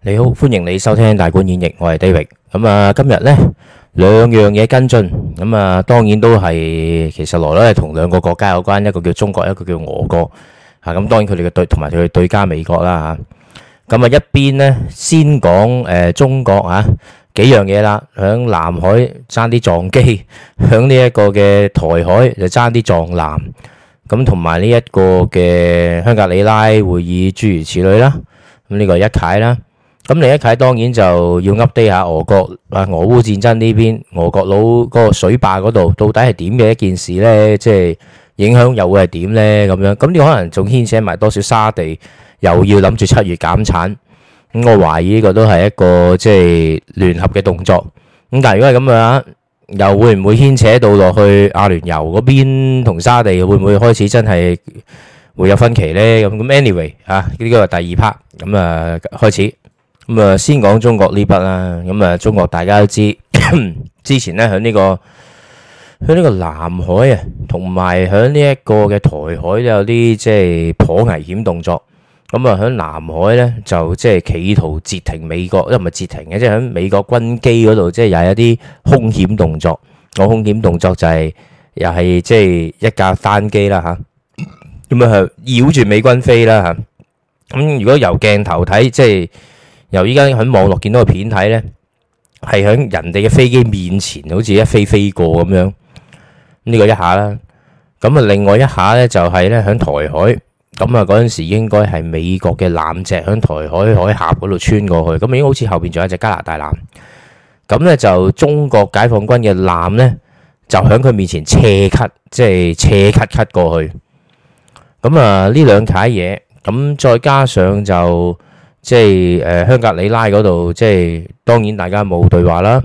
你好，歡迎你收聽大觀演繹。我係 David 咁啊。今日咧兩樣嘢跟進咁啊，當然都係其實來嚟係同兩個國家有關，一個叫中國，一個叫俄國啊。咁當然佢哋嘅對同埋佢哋對家美國啦吓。咁啊，一邊咧先講誒中國啊幾樣嘢啦，響南海爭啲撞機，響呢一個嘅台海就爭啲撞艦咁，同埋呢一個嘅香格里拉會議諸如此類啦。咁呢個一解啦。咁另一睇，當然就要 update 下俄國啊，俄烏戰爭呢邊，俄國佬嗰個水壩嗰度到底係點嘅一件事呢？即係影響又會係點呢？咁樣咁你可能仲牽扯埋多少沙地，又要諗住七月減產咁。我懷疑呢個都係一個即係聯合嘅動作咁。但係如果係咁樣，又會唔會牽扯到落去阿聯酋嗰邊同沙地會唔會開始真係會有分歧呢？咁咁，anyway 啊，呢個係第二 part 咁啊開始。咁啊，先講中國呢筆啦。咁啊，中國大家都知，之前咧喺呢個喺呢個南海啊，同埋喺呢一個嘅台海都有啲即係頗危險動作。咁啊，喺南海咧就即係企圖截停美國，因唔係截停嘅，即係喺美國軍機嗰度，即係又有一啲凶險動作。個凶險動作就係又係即係一架單機啦，吓咁啊，係繞住美軍飛啦，吓咁。如果由鏡頭睇，即係。由依家喺網絡見到個片睇咧，係喺人哋嘅飛機面前，好似一飛飛過咁樣。呢個一下啦，咁啊另外一下咧就係咧喺台海，咁啊嗰陣時應該係美國嘅艦隻喺台海海峽嗰度穿過去，咁已經好似後邊仲有一隻加拿大艦。咁咧就中國解放軍嘅艦咧，就喺佢面前斜咳，即係斜咳咳過去。咁啊呢兩架嘢，咁再加上就。即係誒香格里拉嗰度，即係當然大家冇對話啦。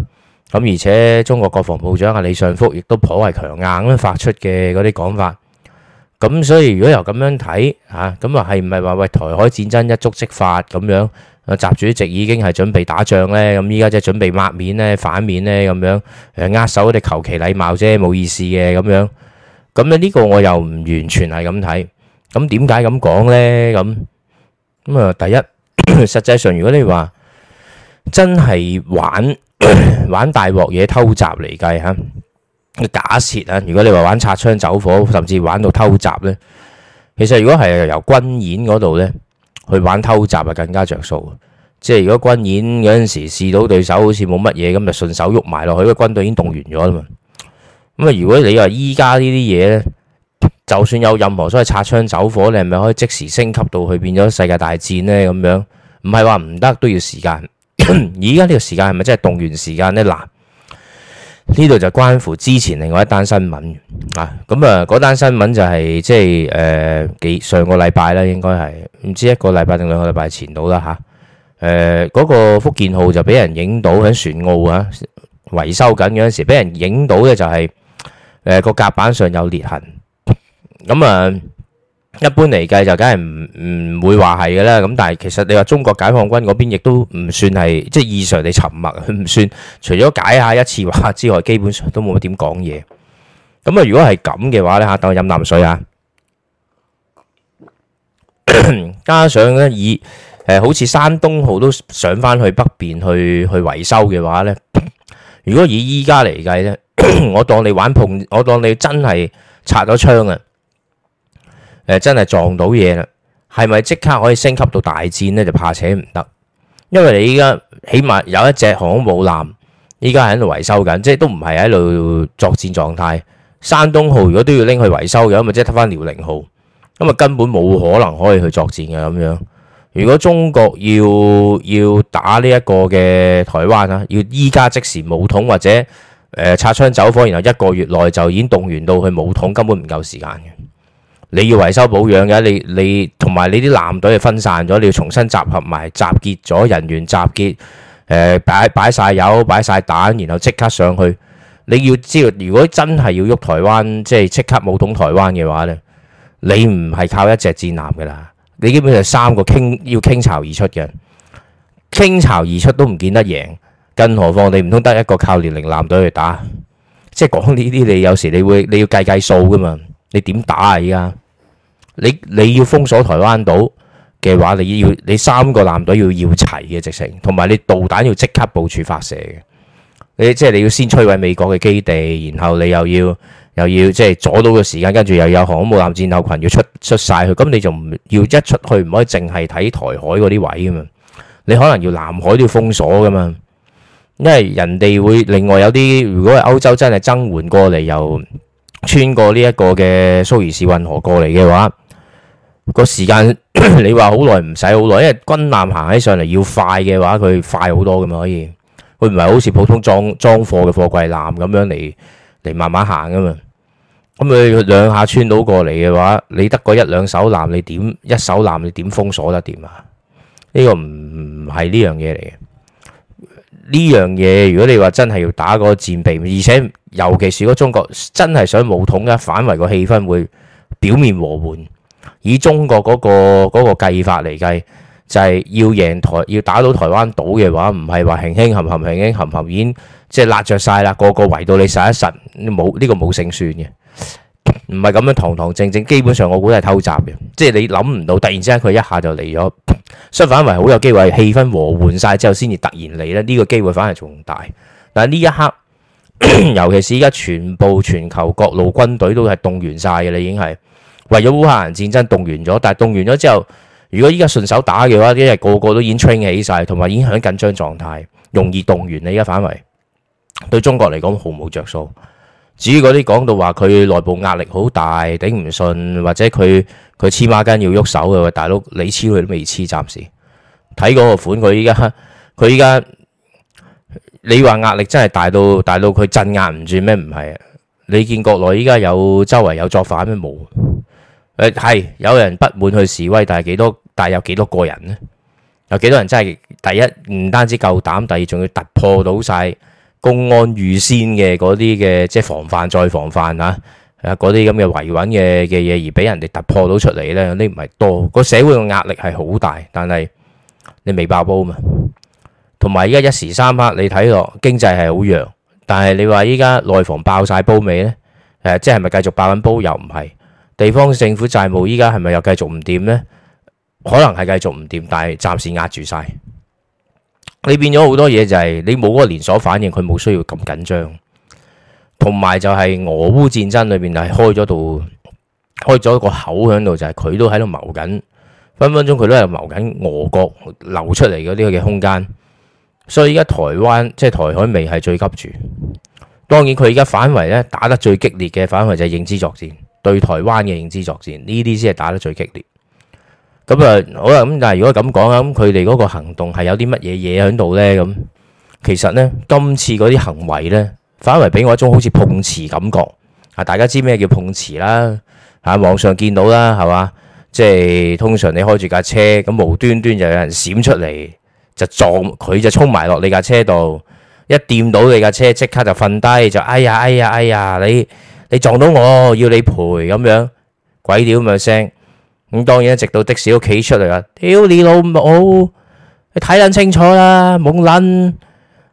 咁而且中國國防部長阿李尚福亦都頗為強硬啦，發出嘅嗰啲講法。咁所以如果由咁樣睇嚇，咁啊係唔係話喂台海戰爭一觸即發咁樣？啊習主席已經係準備打仗咧，咁依家即係準備抹面咧、反面咧咁樣誒握手一啲求其禮貌啫，冇意思嘅咁樣。咁咧呢個我又唔完全係咁睇。咁點解咁講咧？咁咁啊，第一。實際上，如果你話真係玩玩大鑊嘢，偷襲嚟計吓，假設啊，如果你話玩擦槍走火，甚至玩到偷襲呢，其實如果係由軍演嗰度呢，去玩偷襲啊，更加着數。即係如果軍演嗰陣時試到對手好似冇乜嘢，咁就順手喐埋落去，因為軍隊已經動員咗啦嘛。咁啊，如果你話依家呢啲嘢呢。就算有任何所謂擦槍走火，你係咪可以即時升級到去變咗世界大戰咧？咁樣唔係話唔得都要時間。而家呢個時間係咪真係動員時間咧？嗱，呢度就關乎之前另外一單新聞啊。咁啊，嗰單新聞就係即係誒幾上個禮拜啦，應該係唔知一個禮拜定兩個禮拜前到啦嚇。誒嗰個福建號就俾人影到喺船澳啊，維修緊嗰陣時，俾人影到嘅就係誒個甲板上有裂痕。咁啊、嗯，一般嚟計就梗係唔唔會話係嘅啦。咁但係其實你話中國解放軍嗰邊亦都唔算係即係異常地沉默，佢唔算除咗解一下一次話之外，基本上都冇乜點講嘢。咁、嗯、啊，如果係咁嘅話咧吓，等我飲啖水啊。 加上咧以誒，好似山東號都上翻去北邊去去維修嘅話咧，如果以依家嚟計咧，我當你玩碰，我當你真係拆咗槍啊！誒，真係撞到嘢啦，係咪即刻可以升級到大戰呢？就怕且唔得，因為你依家起碼有一隻航空母艦，依家喺度維修緊，即係都唔係喺度作戰狀態。山東號如果都要拎去維修嘅，咁咪即係得返遼寧號，咁啊根本冇可能可以去作戰嘅咁樣。如果中國要要打呢一個嘅台灣啊，要依家即時武統，或者誒擦、呃、槍走火，然後一個月內就已經動員到去武統，根本唔夠時間嘅。你要維修保養嘅，你你同埋你啲艦隊係分散咗，你要重新集合埋，集結咗人員集結，誒、呃、擺擺曬油，擺晒彈，然後即刻上去。你要知道，如果真係要喐台灣，即係即刻武統台灣嘅話咧，你唔係靠一隻戰艦噶啦，你基本上三個傾要傾巢而出嘅，傾巢而出都唔見得贏，更何況你唔通得一個靠年齡艦隊去打？即係講呢啲，你有時你會你要計計數噶嘛，你點打啊？依家？你你要封鎖台灣島嘅話，你要你三個艦隊要要齊嘅直情，同埋你導彈要即刻部署發射嘅。你即係你要先摧毀美國嘅基地，然後你又要又要即係阻到個時間，跟住又有航母艦戰鬥群要出出曬去，咁你就唔要一出去唔可以淨係睇台海嗰啲位㗎嘛。你可能要南海都要封鎖噶嘛，因為人哋會另外有啲，如果係歐洲真係增援過嚟，又穿過呢一個嘅蘇伊士運河過嚟嘅話。個時間你話好耐唔使好耐，因為軍艦行起上嚟要快嘅話，佢快好多噶嘛。可以佢唔係好似普通裝裝貨嘅貨櫃艦咁樣嚟嚟慢慢行噶嘛。咁佢兩下穿到過嚟嘅話，你得個一兩手艦，你點一手艦，你點封鎖得掂啊？呢個唔係呢樣嘢嚟嘅呢樣嘢。如果你話真係要打個戰備，而且尤其是個中國真係想武統，嘅反為個氣氛，會表面和緩。以中國嗰個嗰個計法嚟計，就係要贏台，要打到台灣島嘅話，唔係話輕輕冚冚輕輕冚冚已經即係辣着晒啦，個個圍到你實一實，冇呢個冇勝算嘅。唔係咁樣堂堂正正，基本上我估係偷襲嘅，即係你諗唔到，突然之間佢一下就嚟咗，相反為好有機會氣氛和緩晒之後，先至突然嚟咧，呢個機會反而仲大。但係呢一刻， 尤其是依家全部全球各路軍隊都係動員晒嘅你已經係。為咗烏克蘭戰爭動員咗，但係動員咗之後，如果依家順手打嘅話，因為個個都已經 train 起晒，同埋已經喺緊張狀態，容易動員。你而家反為對中國嚟講毫無着數。至於嗰啲講到話佢內部壓力好大，頂唔順，或者佢佢黐孖筋要喐手嘅大佬，你黐佢都未黐，暫時睇嗰個款。佢依家佢依家你話壓力真係大到大到佢鎮壓唔住咩？唔係啊！你見國內依家有周圍有作反咩？冇。係，有人不滿去示威，但係幾多？但係有幾多個人呢？有幾多人真係第一唔單止夠膽，第二仲要突破到晒公安預先嘅嗰啲嘅即係防範再防範啊！嗰啲咁嘅維穩嘅嘅嘢，而俾人哋突破到出嚟呢？呢唔係多。個社會嘅壓力係好大，但係你未爆煲嘛？同埋依家一時三刻，你睇落經濟係好弱，但係你話依家內房爆晒煲未呢？誒，即係咪繼續爆緊煲又唔係？地方政府債務依家係咪又繼續唔掂呢？可能係繼續唔掂，但係暫時壓住晒。你變咗好多嘢就係你冇嗰個連鎖反應，佢冇需要咁緊張。同埋就係俄烏戰爭裏邊，係開咗度，開咗個口響度，就係，佢都喺度謀緊，分分鐘，佢都係謀緊俄國流出嚟嗰啲嘅空間。所以依家台灣即係台海未係最急住。當然佢而家反圍咧打得最激烈嘅反圍就係認知作戰。對台灣嘅認知作戰，呢啲先係打得最激烈。咁啊，好啦，咁但係如果咁講啊，咁佢哋嗰個行動係有啲乜嘢嘢喺度呢？咁其實呢，今次嗰啲行為呢，反而俾我一種好似碰瓷感覺。啊，大家知咩叫碰瓷啦？喺、啊、網上見到啦，係嘛？即係通常你開住架車，咁無端端就有人閃出嚟，就撞，佢就衝埋落你架車度，一掂到你架車即刻就瞓低，就哎呀哎呀哎呀你！你撞到我，要你賠，咁樣鬼屌咁樣聲，咁當然一直到的士屋企出嚟啦。屌你老母，你睇捻清楚啦，懵捻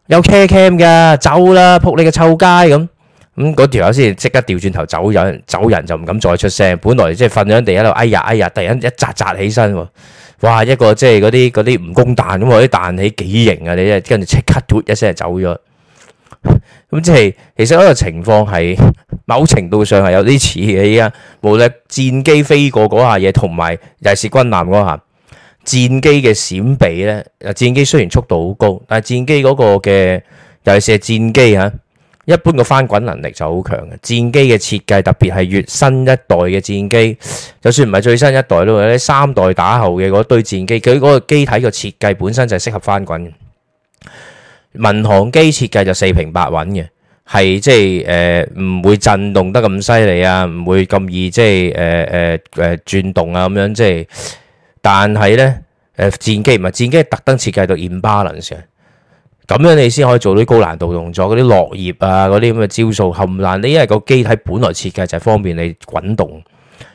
有車 cam 噶，走啦，扑你個臭街咁，咁嗰條友先即刻掉轉頭走人，走人就唔敢再出聲。本來即係瞓喺地喺度哎呀哎呀，突然一扎扎起身，哇一個即係嗰啲嗰啲蜈蚣彈咁，嗰啲彈起幾型啊，你即係跟住即刻嘟一聲走咗。咁即係其實嗰個情況係。某程度上係有啲似嘅，依家無論戰機飛過嗰下嘢，同埋尤其是軍艦嗰下戰機嘅閃避呢，戰機雖然速度好高，但係戰機嗰個嘅尤其是戰機呀，一般個翻滾能力就好強嘅。戰機嘅設計特別係越新一代嘅戰機，就算唔係最新一代都好，有三代打後嘅嗰堆戰機，佢、那、嗰個機體嘅設計本身就適合翻滾。民航機設計就四平八穩嘅。係即係誒，唔、呃、會震動得咁犀利啊，唔會咁易即係誒誒誒轉動啊咁樣即係。但係咧，誒、呃、戰機唔係戰機，係特登設計到 imbalance，咁樣你先可以做到高難度動作，嗰啲落葉啊，嗰啲咁嘅招數。唔難，你因為個機體本來設計就係方便你滾動，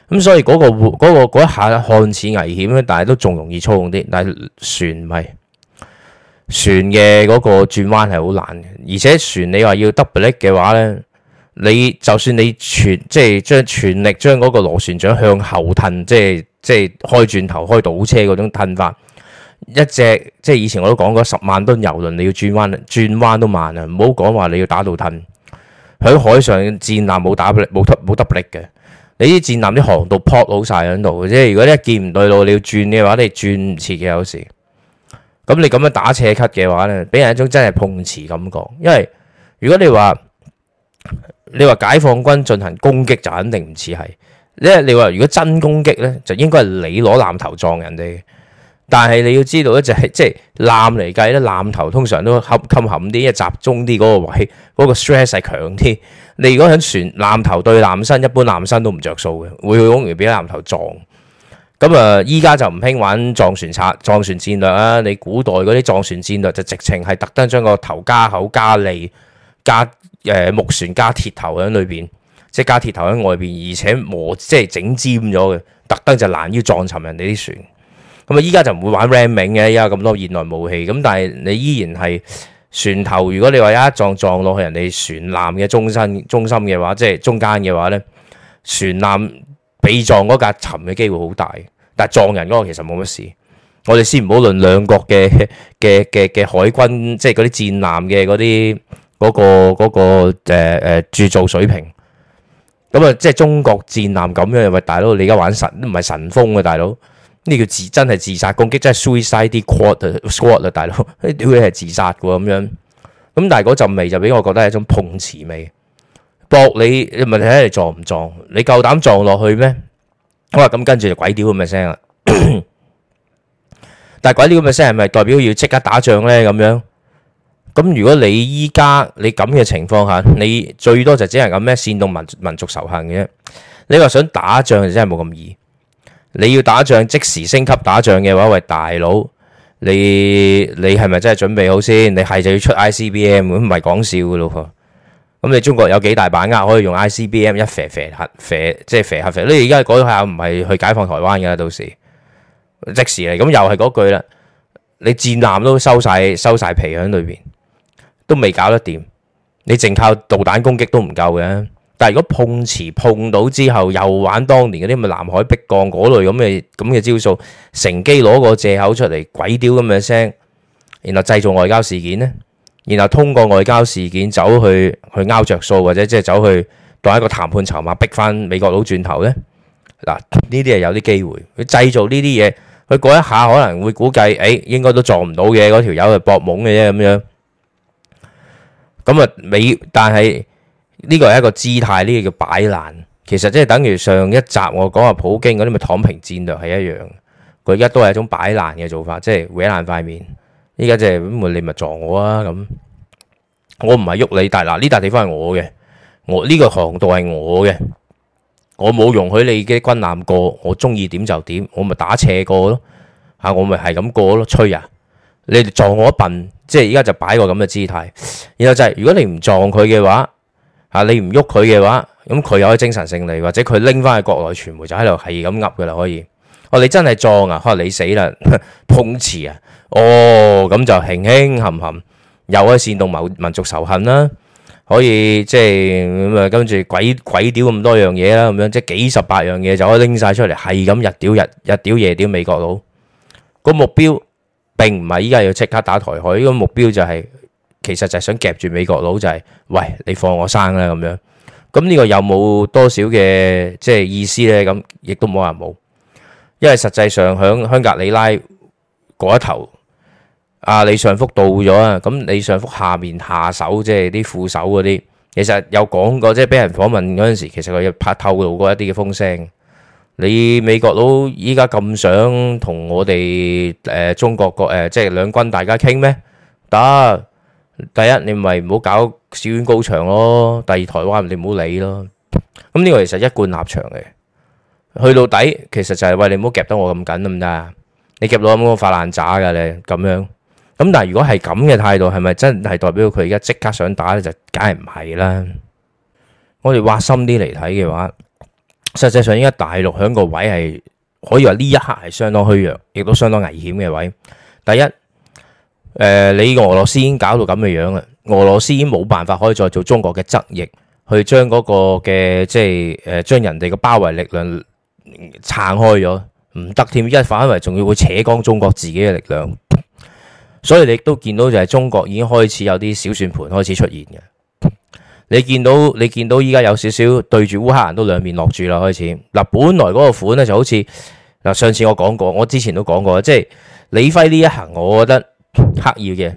咁所以嗰、個嗰、個嗰、個、一下看似危險咧，但係都仲容易操控啲。但係船咪。船嘅嗰個轉彎係好難嘅，而且船你話要 double 力嘅話咧，你就算你全即係將全力將嗰個螺旋槳向後褪，即係即係開轉頭開倒車嗰種褪法，一隻即係以前我都講過，十萬噸油輪你要轉彎，轉彎都慢啊，唔好講話你要打到褪，喺海上戰艦冇打冇冇 double 力嘅，你啲戰艦啲航道泊好晒喺度，即係如果一見唔對路你要轉嘅話，你轉唔切嘅有時。咁你咁樣打斜 cut 嘅話呢，俾人一種真係碰瓷感覺。因為如果你話你話解放軍進行攻擊就肯定唔似係，因為你話如果真攻擊呢，就應該係你攞艦頭撞人哋。但係你要知道呢，就係即係艦嚟計呢，艦頭通常都含含含啲，一集中啲嗰個位，嗰、嗰個 stress 係強啲。你如果喺船艦頭對艦身，一般艦身都唔着數嘅，會好容易俾艦頭撞。咁啊，依家就唔興玩撞船策、撞船戰略啊！你古代嗰啲撞船戰略就直情係特登將個頭加口加利加誒木船加鐵頭喺裏邊，即係加鐵頭喺外邊，而且磨即係整尖咗嘅，特登就難於撞沉人哋啲船。咁啊，依家就唔會玩 ramming 嘅，依家咁多現代武器。咁但係你依然係船頭，如果你話一撞撞落去人哋船艦嘅中心中心嘅話，即係中間嘅話咧，船艦。被撞嗰架沉嘅機會好大，但係撞人嗰個其實冇乜事。我哋先唔好論兩國嘅嘅嘅嘅海軍，即係嗰啲戰艦嘅嗰啲嗰個嗰、嗰個誒誒製造水平。咁、嗯、啊，即係中國戰艦咁樣，喂大佬，你而家玩神唔係神風啊大佬，呢個自真係自殺攻擊，真係 suicide squad 啊，大佬，佢係自殺嘅咁樣。咁但係嗰陣味就俾我覺得係一種碰瓷味。落你，你咪睇下你撞唔撞？你夠膽撞落去咩？好啦咁跟住就鬼屌咁嘅聲啦！但係鬼屌咁嘅聲係咪代表要即刻打仗呢？咁樣，咁如果你依家你咁嘅情況下，你最多就只係咁咩煽動民民族仇恨嘅啫。你話想打仗就真係冇咁易。你要打仗即時升級打仗嘅話，喂大佬，你你係咪真係準備好先？你係就要出 ICBM 咁唔係講笑嘅咯？咁你中國有幾大把握可以用 ICBM 一射射核射即係射核射？你而家嗰下唔係去解放台灣㗎喇，到時即時嚟。咁又係嗰句啦，你戰艦都收曬收曬皮喺裏邊，都未搞得掂。你淨靠導彈攻擊都唔夠嘅。但係如果碰瓷碰到之後，又玩當年嗰啲咪南海逼降嗰類咁嘅咁嘅招數，乘機攞個藉口出嚟，鬼屌咁嘅聲，然後製造外交事件呢？然後通過外交事件走去去拗着數，或者即係走去當一個談判籌碼，逼翻美國佬轉頭咧。嗱，呢啲係有啲機會。佢製造呢啲嘢，佢嗰一下可能會估計，誒、哎、應該都撞唔到嘅，嗰條友係搏懵嘅啫咁樣。咁啊，美但係呢個係一個姿態，呢個叫擺爛。其實即係等於上一集我講話普京嗰啲咪躺平戰略係一樣。佢而家都係一種擺爛嘅做法，即係毀爛塊面。依家即係咁，你咪撞我啊！咁我唔係喐你，但嗱呢笪地方係我嘅，我呢個航道係我嘅，我冇容許你嘅軍艦過，我中意點就點，我咪打斜過咯，吓我咪係咁過咯，吹啊！你撞我一笨，即係而家就擺個咁嘅姿態。然後就係、是、如果你唔撞佢嘅話，吓、啊、你唔喐佢嘅話，咁佢有啲精神勝利，或者佢拎翻去國內傳媒就喺度係咁噏噶啦，可以。我你真係撞啊！可能你死啦，碰瓷啊！哦，咁就輕輕含含，又可以煽動某民族仇恨啦，可以即係咁啊，跟住鬼鬼屌咁多樣嘢啦，咁樣即係幾十八樣嘢就可以拎晒出嚟，係咁日屌日日屌夜屌美國佬個目標，並唔係依家要即刻打台海，個目標就係其實就係想夾住美國佬，就係喂，你放我生啦咁樣。咁呢個有冇多少嘅即係意思咧？咁亦都冇話冇。因為實際上喺香格里拉嗰一頭，阿李尚福到咗啊，咁李尚福下面下手即係啲副手嗰啲，其實有講過，即係俾人訪問嗰陣時，其實佢有拍透露過一啲嘅風聲。你美國佬依家咁想同我哋誒中國國誒即係兩軍大家傾咩？打第一，你咪唔好搞小院高牆咯；第二，台灣你唔好理咯。咁呢個其實一貫立場嘅。去到底其實就係、是、喂，你唔好夾得我咁緊，得唔得啊？你夾到我發爛渣噶你咁樣咁。但係如果係咁嘅態度，係咪真係代表佢而家即刻想打咧？就梗係唔係啦。我哋挖深啲嚟睇嘅話，實際上而家大陸響個位係可以話呢一刻係相當虛弱，亦都相當危險嘅位。第一，誒、呃、你俄羅斯已經搞到咁嘅樣啦，俄羅斯已經冇辦法可以再做中國嘅側翼，去將嗰個嘅即係誒將人哋嘅包圍力量。撐開咗唔得添，一反為仲要會扯光中國自己嘅力量，所以你都見到就係中國已經開始有啲小算盤開始出現嘅。你見到你見到依家有少少對住烏克蘭都兩面落住啦，開始嗱本來嗰個款咧就好似嗱上次我講過，我之前都講過，即係李輝呢一行，我覺得刻意嘅。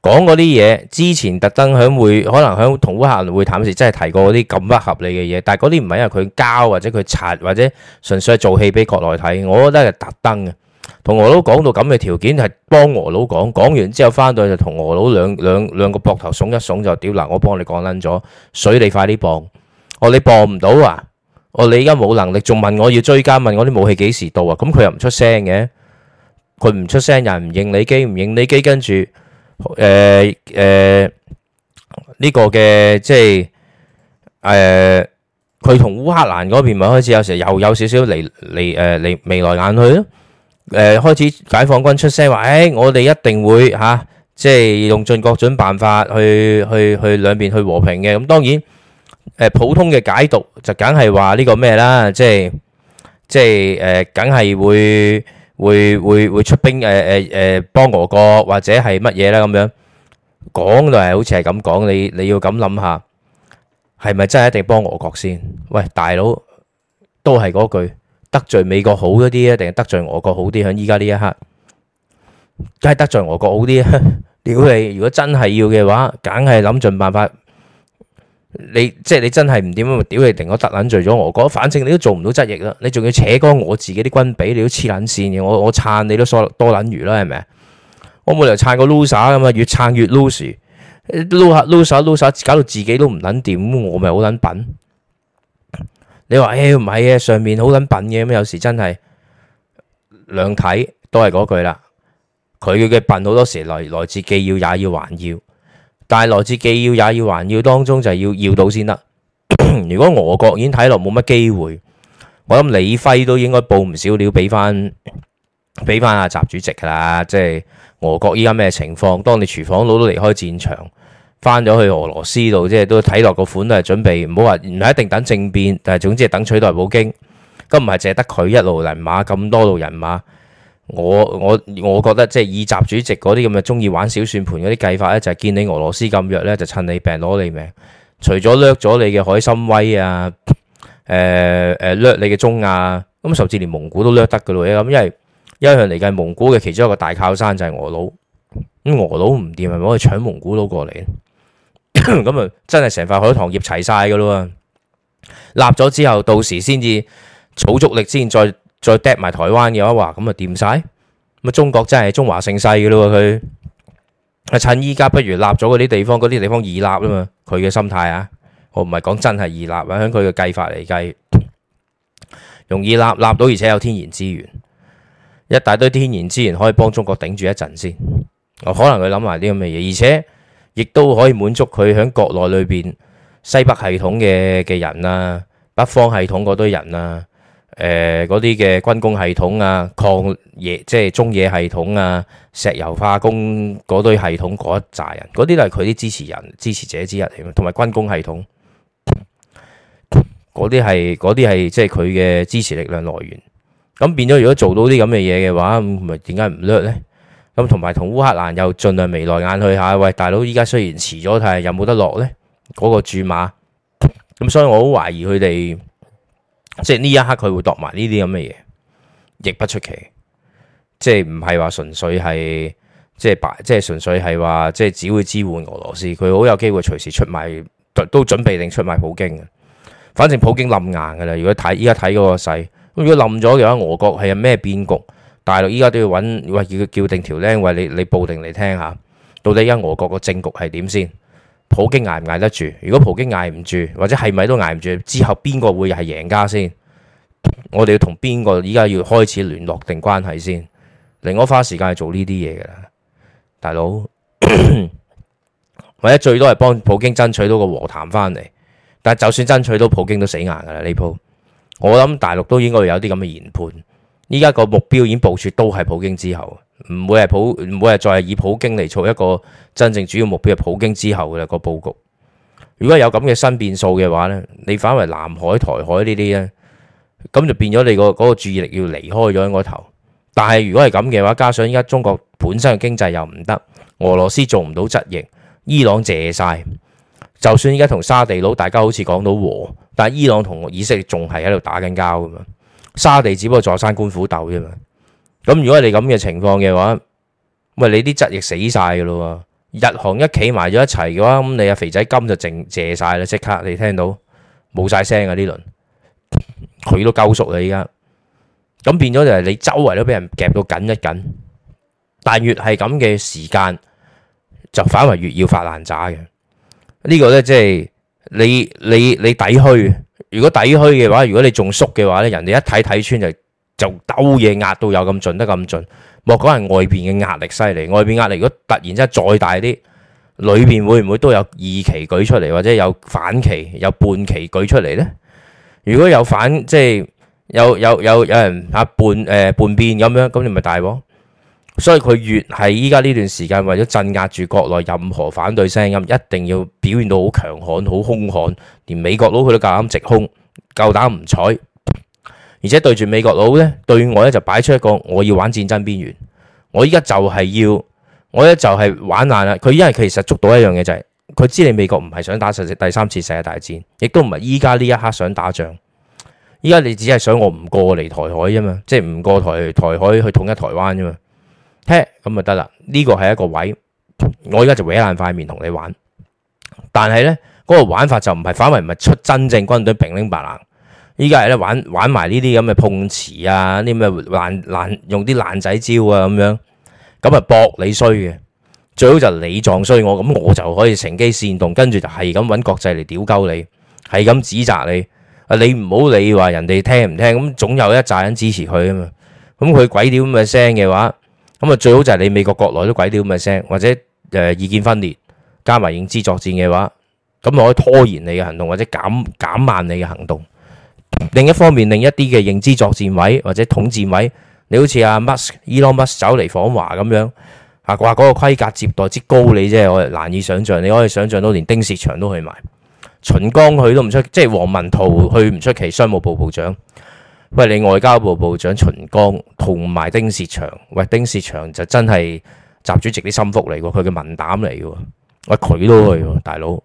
講嗰啲嘢之前特登喺會，可能喺同客戶會談時，真係提過嗰啲咁不合理嘅嘢。但係嗰啲唔係因為佢交或者佢拆或者純粹係做戲俾國內睇，我覺得係特登嘅。同俄佬講到咁嘅條件係幫俄佬講，講完之後，翻到去，就同俄佬兩兩兩個膊頭聳一聳就，屌、呃、嗱，我幫你講捻咗水，你快啲磅哦。我話你磅唔到啊？哦，你而家冇能力，仲問我要追加，問我啲武器幾時到啊？咁佢又唔出聲嘅，佢唔出聲，又唔應你機，唔應你機，跟住。誒誒，呢個嘅即係誒，佢同烏克蘭嗰邊咪開始有時又有少少嚟嚟誒嚟眉來眼去咯。誒，開始解放軍出聲話，誒，我哋一定會吓，即係用盡各種辦法去去去兩邊去和平嘅。咁當然，誒普通嘅解讀就梗係話呢個咩啦，即係即係誒，梗係會。會會會出兵，誒誒誒，幫俄國或者係乜嘢啦咁樣講就係好似係咁講，你你要咁諗下，係咪真係一定幫俄國先？喂大佬，都係嗰句得罪美國好一啲啊，定係得罪俄國好啲？響依家呢一刻，梗係得罪俄國好啲啊！屌你如果真係要嘅話，梗係諗盡辦法。你即係你真係唔點樣！屌你，定我得卵罪咗我，我，我，我覺得反正你都做唔到質液啦，你仲要扯嗰我自己啲軍俾你都黐卵線嘅，我我撐你都多多卵餘啦，係咪我冇理由撐個 loser 咁啊，越撐越 loser，loser，loser，搞到自己都唔卵掂，我咪好卵笨。你話誒唔係啊？上面好卵笨嘅咁，有時真係兩睇都係嗰句啦。佢嘅笨好多時來來自既要也要還要。但係來自既要也要還要，當中就係要要到先得。 如果俄國已經睇落冇乜機會，我諗李輝都應該報唔少料俾翻俾翻阿習主席㗎啦。即係俄國依家咩情況？當你廚房佬都離開戰場，翻咗去俄羅斯度，即係都睇落個款都係準備，唔好話唔係一定等政變，但係總之係等取代普京。咁唔係淨係得佢一路人馬，咁多路人馬。我我我覺得即係以習主席嗰啲咁嘅中意玩小算盤嗰啲計法咧，就係見你俄羅斯咁弱咧，就趁你病攞你命。除咗掠咗你嘅海參崴啊，誒、呃、誒掠你嘅中亞，咁甚至連蒙古都掠得嘅咯。咁因為一向嚟緊，蒙古嘅其中一個大靠山就係俄佬。咁俄佬唔掂，係咪可以搶蒙古佬過嚟。咁啊，真係成塊海棠葉齊曬嘅咯。立咗之後，到時先至儲足力先再。再掟埋台灣嘅話，哇！咁啊掂晒。咁啊中國真係中華盛世嘅咯佢，趁依家不如立咗嗰啲地方，嗰啲地方易立啊嘛，佢嘅心態啊，我唔係講真係易立，喺佢嘅計法嚟計，容易立，立到而且有天然資源，一大堆天然資源可以幫中國頂住一陣先，我可能佢諗埋啲咁嘅嘢，而且亦都可以滿足佢喺國內裏邊西北系統嘅嘅人啊，北方系統嗰堆人啊。誒嗰啲嘅軍工系統啊、礦野即係中野系統啊、石油化工嗰堆系統嗰一扎人，嗰啲都係佢啲支持人、支持者之一嚟㗎，同埋軍工系統嗰啲係嗰啲係即係佢嘅支持力量來源。咁變咗，如果做到啲咁嘅嘢嘅話，咪點解唔掠咧？咁同埋同烏克蘭又盡量眉來眼去下。喂，大佬，依家雖然遲咗，但係有冇得落咧？嗰、嗰個注碼。咁所以我好懷疑佢哋。即係呢一刻佢會度埋呢啲咁嘅嘢，亦不出奇。即係唔係話純粹係，即係白，即係純粹係話，即係只會支援俄羅斯。佢好有機會隨時出賣，都準備定出賣普京。反正普京冧硬噶啦。如果睇依家睇嗰個勢，咁如果冧咗嘅話，俄國係有咩變局？大陸依家都要搵，喂佢叫，叫定條僆，喂你你報定嚟聽下，到底依家俄國個政局係點先？普京挨唔挨得住？如果普京挨唔住，或者係咪都挨唔住，之後邊個會係贏家先？我哋要同邊個依家要開始聯絡定關係先，另我花時間去做呢啲嘢噶啦，大佬，或者 最多係幫普京爭取到個和談翻嚟。但就算爭取到，普京都死硬噶啦呢鋪。我諗大陸都應該有啲咁嘅研判。依家個目標已經部署都係普京之後。唔會係普，唔會係再係以普京嚟做一個真正主要目標嘅普京之後嘅一個佈局。如果有咁嘅新變數嘅話呢，你反為南海、台海呢啲呢，咁就變咗你個嗰個注意力要離開咗喺嗰頭。但係如果係咁嘅話，加上依家中國本身嘅經濟又唔得，俄羅斯做唔到質疑，伊朗借晒。就算依家同沙地佬大家好似講到和，但係伊朗同以色列仲係喺度打緊交噉樣。沙地只不過坐山觀虎鬥啫嘛。咁如果係你咁嘅情況嘅話，喂，你啲質液死曬噶咯喎！日韓一企埋咗一齊嘅話，咁你阿肥仔金就淨謝曬啦，即刻你聽到冇曬聲啊！呢輪佢都鳩縮啦，依家咁變咗就係你周圍都俾人夾到緊一緊，但越係咁嘅時間就反為越要發爛渣嘅。呢個咧即係你你你底虛，如果底虛嘅話，如果你仲縮嘅話咧，人哋一睇睇穿就。就兜嘢壓到有咁盡，得咁盡。莫講係外邊嘅壓力犀利，外邊壓力如果突然之間再大啲，裏邊會唔會都有二期舉出嚟，或者有反期、有半期舉出嚟呢？如果有反，即係有有有有人啊半誒半變咁樣，咁你咪大鑊。所以佢越係依家呢段時間，為咗鎮壓住國內任何反對聲音，一定要表現到好強悍、好兇悍，連美國佬佢都夠膽直轟，夠膽唔睬。而且對住美國佬咧，對外咧就擺出一個我要玩戰爭邊緣，我依家就係要，我咧就係玩爛啦。佢因為其實捉到一樣嘢就係、是，佢知你美國唔係想打實第三次世界大戰，亦都唔係依家呢一刻想打仗，依家你只係想我唔過嚟台海啫嘛，即係唔過台台海去統一台灣啫嘛。嘿，咁咪得啦，呢個係一個位，我依家就搲爛塊面同你玩，但係呢，嗰、那個玩法就唔係反為唔係出真正軍隊兵丁白爛。依家係咧玩玩埋呢啲咁嘅碰瓷啊，啲咩爛爛用啲爛仔招啊咁樣，咁啊博你衰嘅最好就係你撞衰我咁，我就可以乘機煽動，跟住就係咁搵國際嚟屌鳩你，係咁指責你啊！你唔好理話人哋聽唔聽，咁總有一紮人支持佢啊嘛。咁佢鬼屌咁嘅聲嘅話，咁啊最好就係你美國國內都鬼屌咁嘅聲，或者誒意見分裂加埋認知作戰嘅話，咁我可以拖延你嘅行動，或者減減慢你嘅行動。另一方面，另一啲嘅認知作戰位或者統戰位，你好似阿馬斯克、伊隆馬斯克走嚟訪華咁樣，啊，話嗰個規格接待之高，你啫，我難以想象。你可以想象到，連丁薛祥都去埋，秦剛佢都唔出，即係王文濤去唔出奇，商務部部長。喂，你外交部部長秦剛同埋丁薛祥，喂，丁薛祥就真係習主席啲心腹嚟噶，佢嘅文膽嚟噶，喂，佢都去，大佬，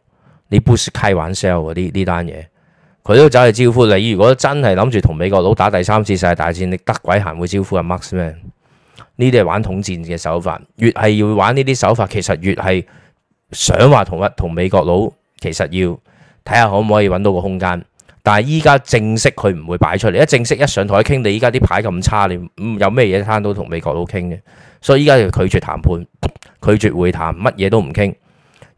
你不是開玩笑啲呢單嘢。佢都走去招呼你。如果真係諗住同美國佬打第三次世界大戰，你得鬼閒會招呼阿 Max 咩？呢啲係玩統戰嘅手法。越係要玩呢啲手法，其實越係想話同屈同美國佬。其實要睇下可唔可以揾到個空間。但係依家正式佢唔會擺出嚟。一正式一上台傾，你依家啲牌咁差，你有咩嘢攤到同美國佬傾嘅？所以依家就拒絕談判，拒絕會談，乜嘢都唔傾。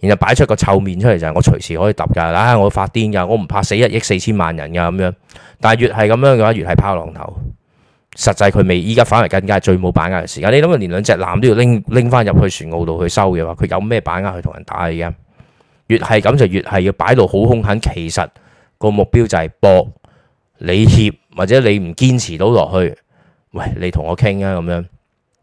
然後擺出個臭面出，嚟就係我隨時可以揼噶，唉我發癲噶，我唔怕死一億四千萬人噶咁樣。但係越係咁樣嘅話，越係拋浪頭。實際佢未依家反而更加係最冇把握嘅時間。你諗下，連兩隻艦都要拎拎翻，入去船澳度去收嘅話，佢有咩把握去同人打啊？而家越係咁就越係要擺到好凶狠。其實個目標就係搏你怯，或者你唔堅持到落去。喂，你同我傾啊咁樣。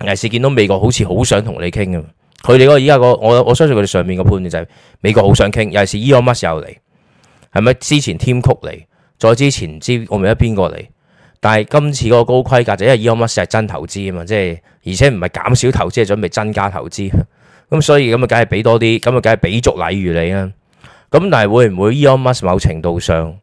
尤其是見到美國好似好想同你傾啊。佢哋嗰個而家個，我我相信佢哋上面個判斷就係美國好想傾，尤其是 Elon Musk 又嚟，係咪之前 Tim Cook 嚟，再之前知我唔記得邊個嚟，但係今次嗰個高規格就因為 Elon Musk 係真投資啊嘛，即係而且唔係減少投資，係準備增加投資，咁所以咁啊，梗係俾多啲，咁啊，梗係俾足禮遇你啦。咁但係會唔會 Elon Musk 某程度上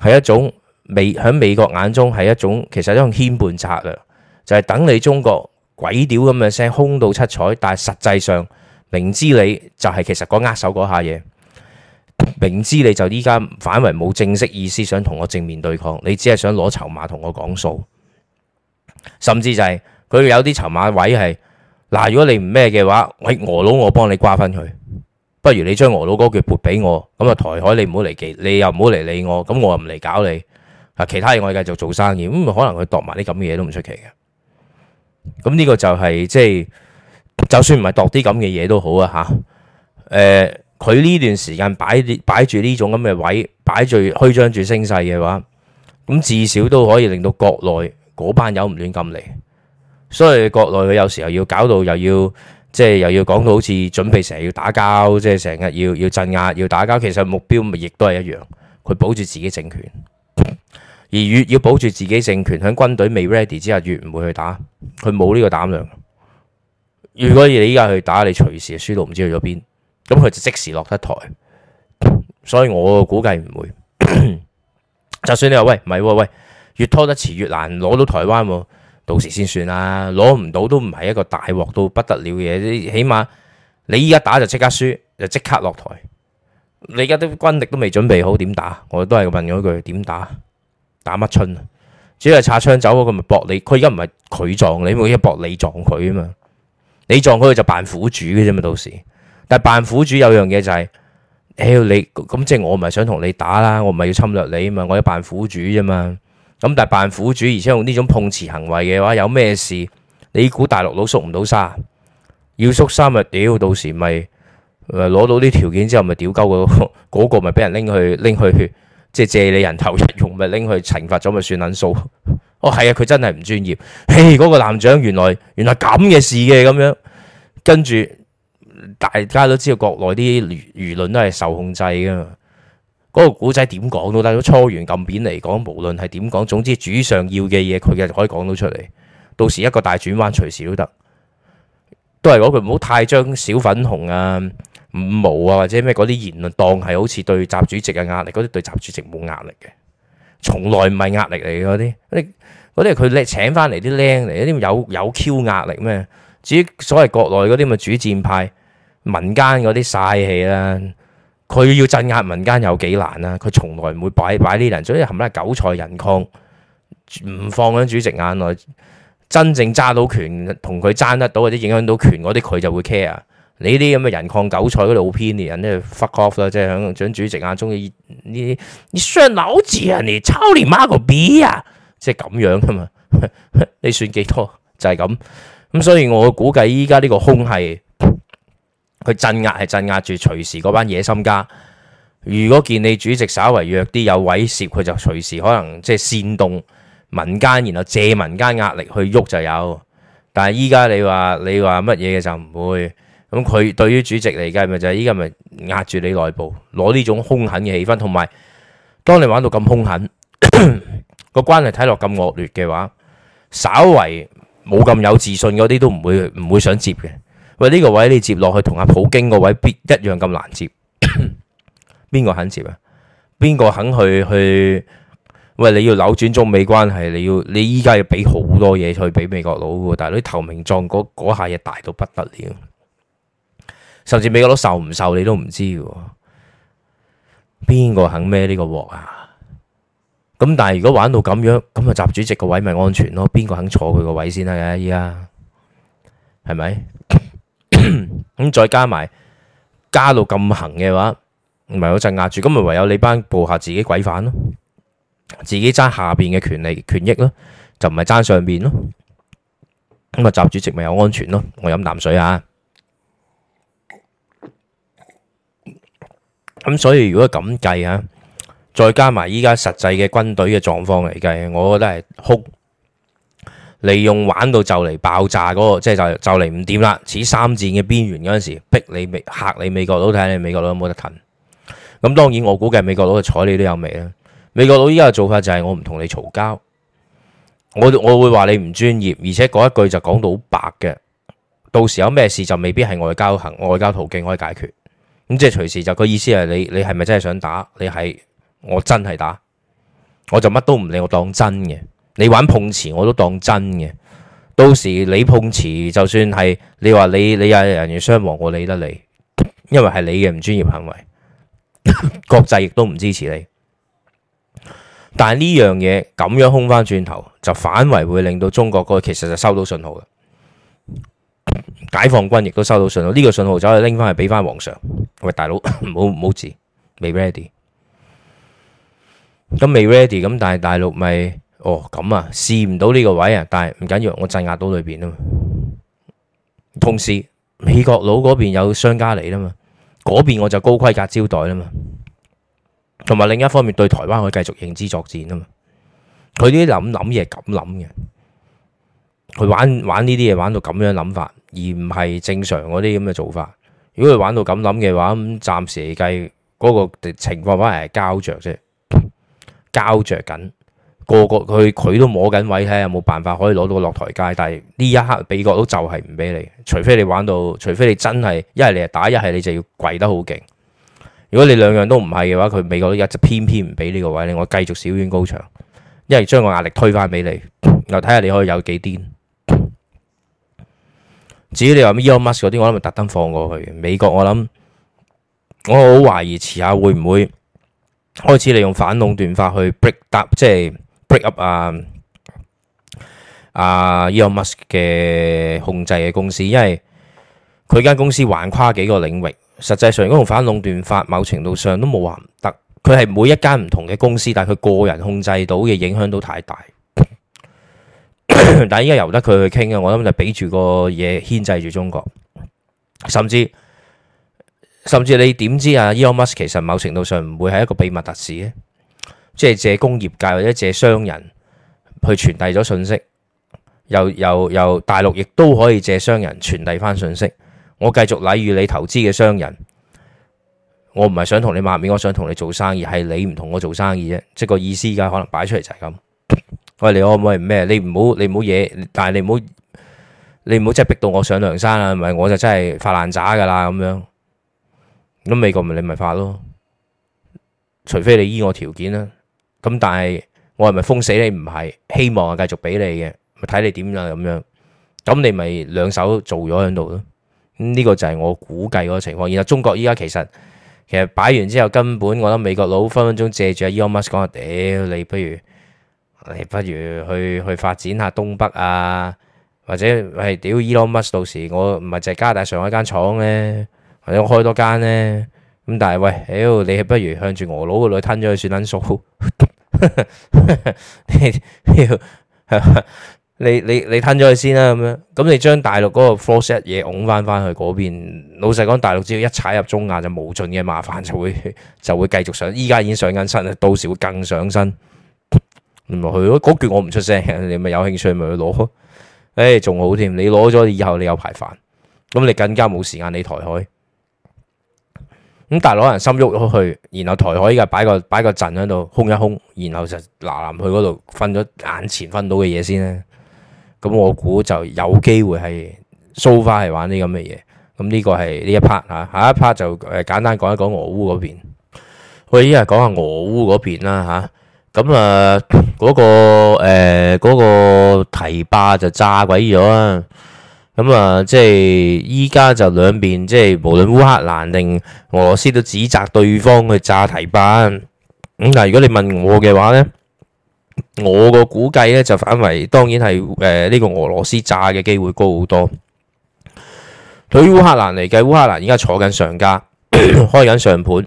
係一種美喺美國眼中係一種其實一種牽絆策略，就係、是、等你中國。鬼屌咁嘅聲，空到七彩，但係實際上明知你就係其實嗰握手嗰下嘢，明知你就依家反為冇正式意思，想同我正面對抗，你只係想攞籌碼同我講數，甚至就係、是、佢有啲籌碼位係嗱，如果你唔咩嘅話，喂俄佬我幫你瓜翻佢，不如你將俄佬嗰句撥俾我，咁啊台海你唔好嚟記，你又唔好嚟理我，咁我又唔嚟搞你啊，其他嘢我繼續做生意，咁可能佢度埋啲咁嘅嘢都唔出奇嘅。咁呢個就係、是、即係，就算唔係度啲咁嘅嘢都好啊吓。誒，佢呢段時間擺擺住呢種咁嘅位，擺住虛張住聲勢嘅話，咁至少都可以令到國內嗰班友唔亂咁嚟。所以國內佢有時候要搞到又要即係、就是、又要講到好似準備成日要打交，即係成日要要鎮壓要打交。其實目標咪亦都係一樣，佢保住自己政權。而越要保住自己政權，喺軍隊未 ready 之下，越唔會去打。佢冇呢個膽量。如果你依家去打，你隨時輸到唔知去咗邊，咁佢就即時落得台。所以我估計唔會。 就算你話喂唔係喂，喂越拖得遲越難攞到台灣喎，到時先算啦。攞唔到都唔係一個大鑊到不得了嘅嘢，啲起碼你依家打就即刻輸，就即刻落台。你而家啲軍力都未準備好，點打？我都係問咗一句點打？打乜春啊？主要係擦槍走火嗰個咪搏你，佢而家唔係佢撞你，咪一搏你撞佢啊嘛！你撞佢就扮苦主嘅啫嘛，到時。但係扮苦主有樣嘢就係、是，屌、哎、你咁即係我唔係想同你打啦，我唔係要侵略你啊嘛，我一扮苦主啫嘛。咁但係扮苦主而，苦主而且用呢種碰瓷行為嘅話，有咩事？你估大陸佬縮唔到沙？要縮三日屌，到時咪攞到啲條件之後咪屌鳩嗰嗰個咪俾、那個、人拎去拎去。即係借你人頭一用，咪拎去懲罰咗咪算撚數。哦，係啊，佢真係唔專業。嘿，嗰、那個艦長原來原來咁嘅事嘅咁樣，跟住大家都知道國內啲輿論都係受控制嘅。嗰、那個古仔點講都得，初完咁片嚟講，無論係點講，總之主上要嘅嘢，佢就可以講到出嚟。到時一個大轉彎隨時都得，都係嗰句，唔好太將小粉紅啊！五毛啊，或者咩嗰啲言論，當係好似對習主席嘅壓力，嗰啲對習主席冇壓力嘅，從來唔係壓力嚟嘅嗰啲，嗰啲係佢請翻嚟啲靚嚟，有有 Q 壓力咩？至於所謂國內嗰啲咪主戰派、民間嗰啲嘥氣啦，佢要鎮壓民間有幾難啊？佢從來唔會擺擺啲人，所以含埋韭菜人抗，唔放喺主席眼內，真正揸到權同佢爭得到或者影響到權嗰啲，佢就會 care。你啲咁嘅人抗韭菜嗰度好偏啲人咧 fuck off 啦，即係響張主席眼中嘅呢啲，你雙扭字啊你，操你媽個 B 啊，即係咁樣噶嘛， 你算幾多？就係咁。咁所以我估計依家呢個空係佢鎮壓係鎮壓住隨時嗰班野心家。如果見你主席稍為弱啲有位攝，佢就隨時可能即係煽動民間，然後借民間壓力去喐就有。但係依家你話你話乜嘢嘅就唔會。咁佢對於主席嚟講咪就係依家咪壓住你內部攞呢種兇狠嘅氣氛，同埋當你玩到咁兇狠個 關係睇落咁惡劣嘅話，稍為冇咁有自信嗰啲都唔會唔會想接嘅。喂，呢、呢個位你接落去同阿普京個位必一樣咁難接，邊個肯接啊？邊個肯去去？喂，你要扭轉中美關係，你要你依家要俾好多嘢去俾美國佬嘅，但係你投名狀嗰下嘢大到不得了。甚至美國佬受唔受你都唔知喎，邊個肯孭呢個鑊啊？咁但係如果玩到咁樣，咁啊習主席個位咪安全咯？邊個肯坐佢個位先得啊？依家係咪？咁 再加埋加到咁行嘅話，唔係好鎮壓住，咁咪唯有你班部下自己鬼反咯、啊，自己爭下面嘅權利權益咯、啊，就唔係爭上面咯、啊。咁啊習主席咪有安全咯、啊？我飲啖水吓、啊。咁、嗯、所以如果咁計啊，再加埋依家實際嘅軍隊嘅狀況嚟計，我覺得係哭。利用玩到就嚟爆炸嗰、嗰個，即係就、就嚟唔掂啦。似三戰嘅邊緣嗰陣時，逼你未，吓你美國佬，睇下你美國佬有冇得吞。咁當然我估計美國佬嘅睬你都有味啦。美國佬依家嘅做法就係我唔同你嘈交，我我會話你唔專業，而且嗰一句就講到好白嘅。到時有咩事就未必係外交行外交途徑可以解決。咁即係隨時就個意思係你你係咪真係想打？你係我真係打，我就乜都唔理，我當真嘅。你玩碰瓷我都當真嘅。到時你碰瓷，就算係你話你你有人員傷亡，我理得你，因為係你嘅唔專業行為， 國際亦都唔支持你。但係呢樣嘢咁樣空翻轉頭，就反為會令到中國嗰個其實就收到信號嘅。解放軍亦都收到信號，呢個信號走去拎翻去俾翻皇上。喂，大佬唔好字？未 ready？咁未 ready？咁但係大陸咪哦咁啊？試唔到呢個位啊？但係唔緊要，我鎮壓到裏邊嘛。同時，美國佬嗰邊有商家嚟啦嘛，嗰邊我就高規格招待啦嘛。同埋另一方面，對台灣佢繼續認知作戰啊嘛。佢啲諗諗嘢咁諗嘅，佢玩玩呢啲嘢玩到咁樣諗法。而唔係正常嗰啲咁嘅做法。如果佢玩到咁諗嘅話，咁暫時嚟計嗰個情況反而係膠着啫，膠着緊。個個佢佢都摸緊位，睇下有冇辦法可以攞到落台階。但係呢一刻美國都就係唔俾你，除非你玩到，除非你真係一係你就打，一係你就要跪得好勁。如果你兩樣都唔係嘅話，佢美國都一直偏偏唔俾呢個位，你我繼續小院高牆，一係將個壓力推返俾你，又睇下你可以有幾癲。至於你話 Elon Musk 嗰啲，我諗咪特登放過去。美國，我諗我好懷疑遲下會唔會開始利用反壟斷法去 break up，即係 break up 啊啊 Elon Musk 嘅控制嘅公司，因為佢間公司橫跨幾個領域。實際上，用反壟斷法某程度上都冇話唔得。佢係每一間唔同嘅公司，但係佢個人控制到嘅影響都太大。 但係依家由得佢去傾啊！我諗就俾住個嘢，牽制住中國，甚至甚至你點知啊？Elon Musk 其實某程度上唔會係一個秘密特使呢，即係借工業界或者借商人去傳遞咗信息，又又大陸亦都可以借商人傳遞翻信息。我繼續禮遇你投資嘅商人，我唔係想同你抹面，我想同你做生意，係你唔同我做生意啫，即係個意思噶，可能擺出嚟就係咁。喂，你可唔可以咩？你唔好你唔好嘢，但係你唔好你唔好真係逼到我上梁山啊！咪我就真係發爛渣噶啦咁樣。咁美國咪你咪發咯，除非你依我條件啦。咁但係我係咪封死你？唔係，希望啊繼續俾你嘅，咪睇你點啦咁樣。咁你咪兩手做咗喺度咯。呢、這個就係我估計嗰個情況。然後中國依家其實其實擺完之後，根本我諗美國佬分分鐘借住阿 Elon Musk 講話屌你，不如。你不如去去發展下東北啊，或者喂屌，伊隆馬斯，到時我唔係就加大上海間廠咧，或者我開多間咧。咁但係喂，屌你不如向住俄佬個女吞咗去算捻數 你， 你你你吞咗去先啦咁樣。咁你將大陸嗰個 force 嘢拱翻翻去嗰邊。老實講，大陸只要一踩入中亞，就無盡嘅麻煩就會就會繼續上。依家已經上緊身啦，到時會更上身。咪去咯，嗰、那、橛、個、我唔出聲，你咪有興趣咪去攞？誒、哎，仲好添，你攞咗以後你有排犯，咁你更加冇時間你抬海，咁但係攞人心喐咗去，然後抬海而家擺個擺個陣喺度，空一空，然後就嗱嗱去嗰度瞓咗眼前瞓到嘅嘢先啦。咁我估就有機會係 s 花 o 係玩啲咁嘅嘢，咁呢個係呢一 part 吓，下一 part 就誒簡單講一講俄烏嗰邊。我依家講下俄烏嗰邊啦吓。咁啊，嗰、嗯那個誒，嗰、呃那個堤壩就炸鬼咗啊。咁、嗯、啊，即係依家就兩邊即係，無論烏克蘭定俄羅斯都指責對方去炸堤壩。咁、嗯、但係如果你問我嘅話咧，我個估計咧就反為，當然係誒呢個俄羅斯炸嘅機會高好多。對於烏克蘭嚟計，烏克蘭而家坐緊上家， 開緊上盤。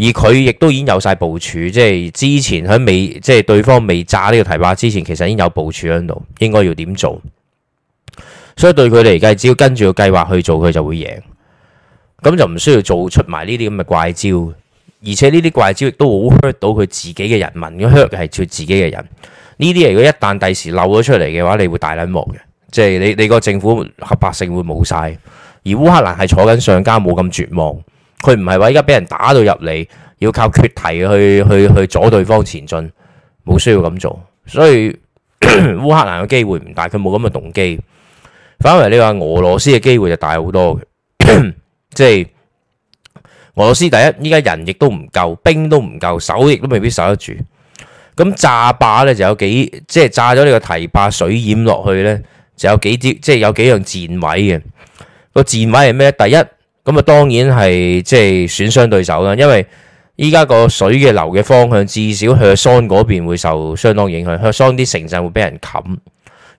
而佢亦都已經有晒部署，即係之前喺未，即係對方未炸呢個堤壩之前，其實已經有部署喺度，應該要點做。所以對佢嚟計，只要跟住個計劃去做，佢就會贏。咁就唔需要做出埋呢啲咁嘅怪招，而且呢啲怪招亦都好 hurt 到佢自己嘅人民，hurt 係照自己嘅人。呢啲如果一旦第時漏咗出嚟嘅話，你會大甩望嘅，即係你你個政府合法性會冇晒。而烏克蘭係坐緊上家，冇咁絕望。佢唔係話依家俾人打到入嚟，要靠決堤去去去阻對方前進，冇需要咁做。所以 烏克蘭嘅機會唔大，佢冇咁嘅動機。反為你話俄羅斯嘅機會大 就大好多嘅，即係俄羅斯第一，依家人亦都唔夠，兵都唔夠，守亦都未必守得住。咁炸壩咧就有幾，即係炸咗呢個堤壩水淹落去咧就有幾啲，即係有幾樣戰位嘅。個戰位係咩？第一。咁啊，當然係即係損傷對手啦，因為依家個水嘅流嘅方向，至少喺桑嗰邊會受相當影響，桑啲城鎮會俾人冚。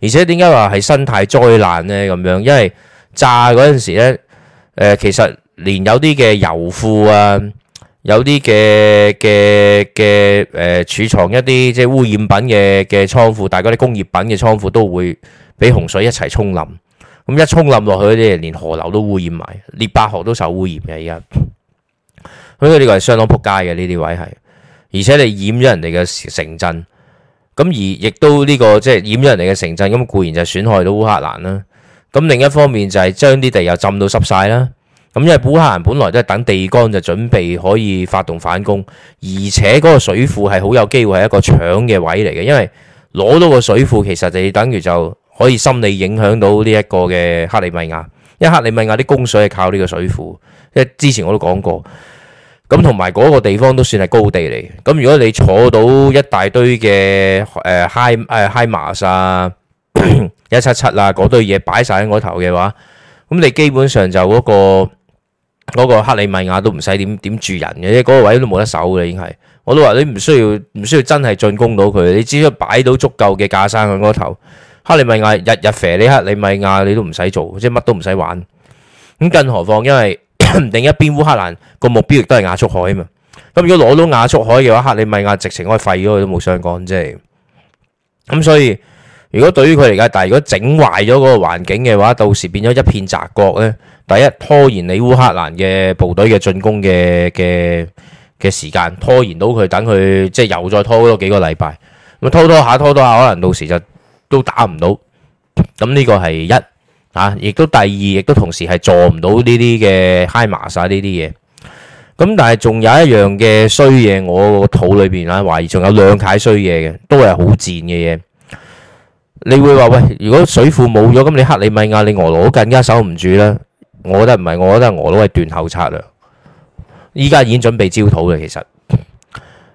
而且點解話係生態災難呢？咁樣，因為炸嗰陣時呢，誒其實連有啲嘅油庫啊，有啲嘅嘅嘅誒儲藏一啲即係污染品嘅嘅倉庫，但係嗰啲工業品嘅倉庫都會俾洪水一齊沖冧。咁一沖冧落去啲人，你連河流都污染埋，列巴河都受污染嘅。而家，呢個係相當撲街嘅，呢啲位係，而且你染咗人哋嘅城鎮，咁而亦都呢、這個即係、就是、染咗人哋嘅城鎮，咁固然就損害到烏克蘭啦。咁另一方面就係將啲地又浸到濕晒啦。咁因為烏克蘭本來都係等地乾就準備可以發動反攻，而且嗰個水庫係好有機會係一個搶嘅位嚟嘅，因為攞到個水庫其實你等於就。可以心理影響到呢一個嘅克里米亞，因為克里米亞啲供水係靠呢個水庫，因為之前我都講過咁，同埋嗰個地方都算係高地嚟。咁如果你坐到一大堆嘅誒 Hi 誒 Hi Mars 啊一七七啊嗰堆嘢擺晒喺嗰頭嘅話，咁你基本上就嗰、嗰個嗰個克里米亞都唔使點點住人嘅，因為嗰個位都冇得守嘅，已經係我都話你唔需要唔需要真係進攻到佢，你只需要擺到足夠嘅架生喺嗰頭。克里米亞日日肥，你克里米亞你都唔使做，即係乜都唔使玩。咁更何況，因為另一邊烏克蘭個目標亦都係亞速海嘛。咁如果攞到亞速海嘅話，克里米亞直情可以廢咗佢都冇相干啫。咁所以如果對於佢嚟講，但係如果整壞咗嗰個環境嘅話，到時變咗一片澤國咧。第一拖延你烏克蘭嘅部隊嘅進攻嘅嘅嘅時間，拖延到佢等佢即係又再拖多幾個禮拜咁拖拖下拖拖下，可能到時就。都打唔到，咁呢個係一啊，亦都第二，亦都同時係做唔到呢啲嘅 HIMARS 呢啲嘢。咁但係仲有一樣嘅衰嘢，我個肚裏邊啊懷疑仲有兩楷衰嘢嘅，都係好賤嘅嘢。你會話喂，如果水庫冇咗，咁你克里米亞你俄羅都更加守唔住啦。我覺得唔係，我覺得俄羅係斷後策略，依家已經準備焦土啦。其實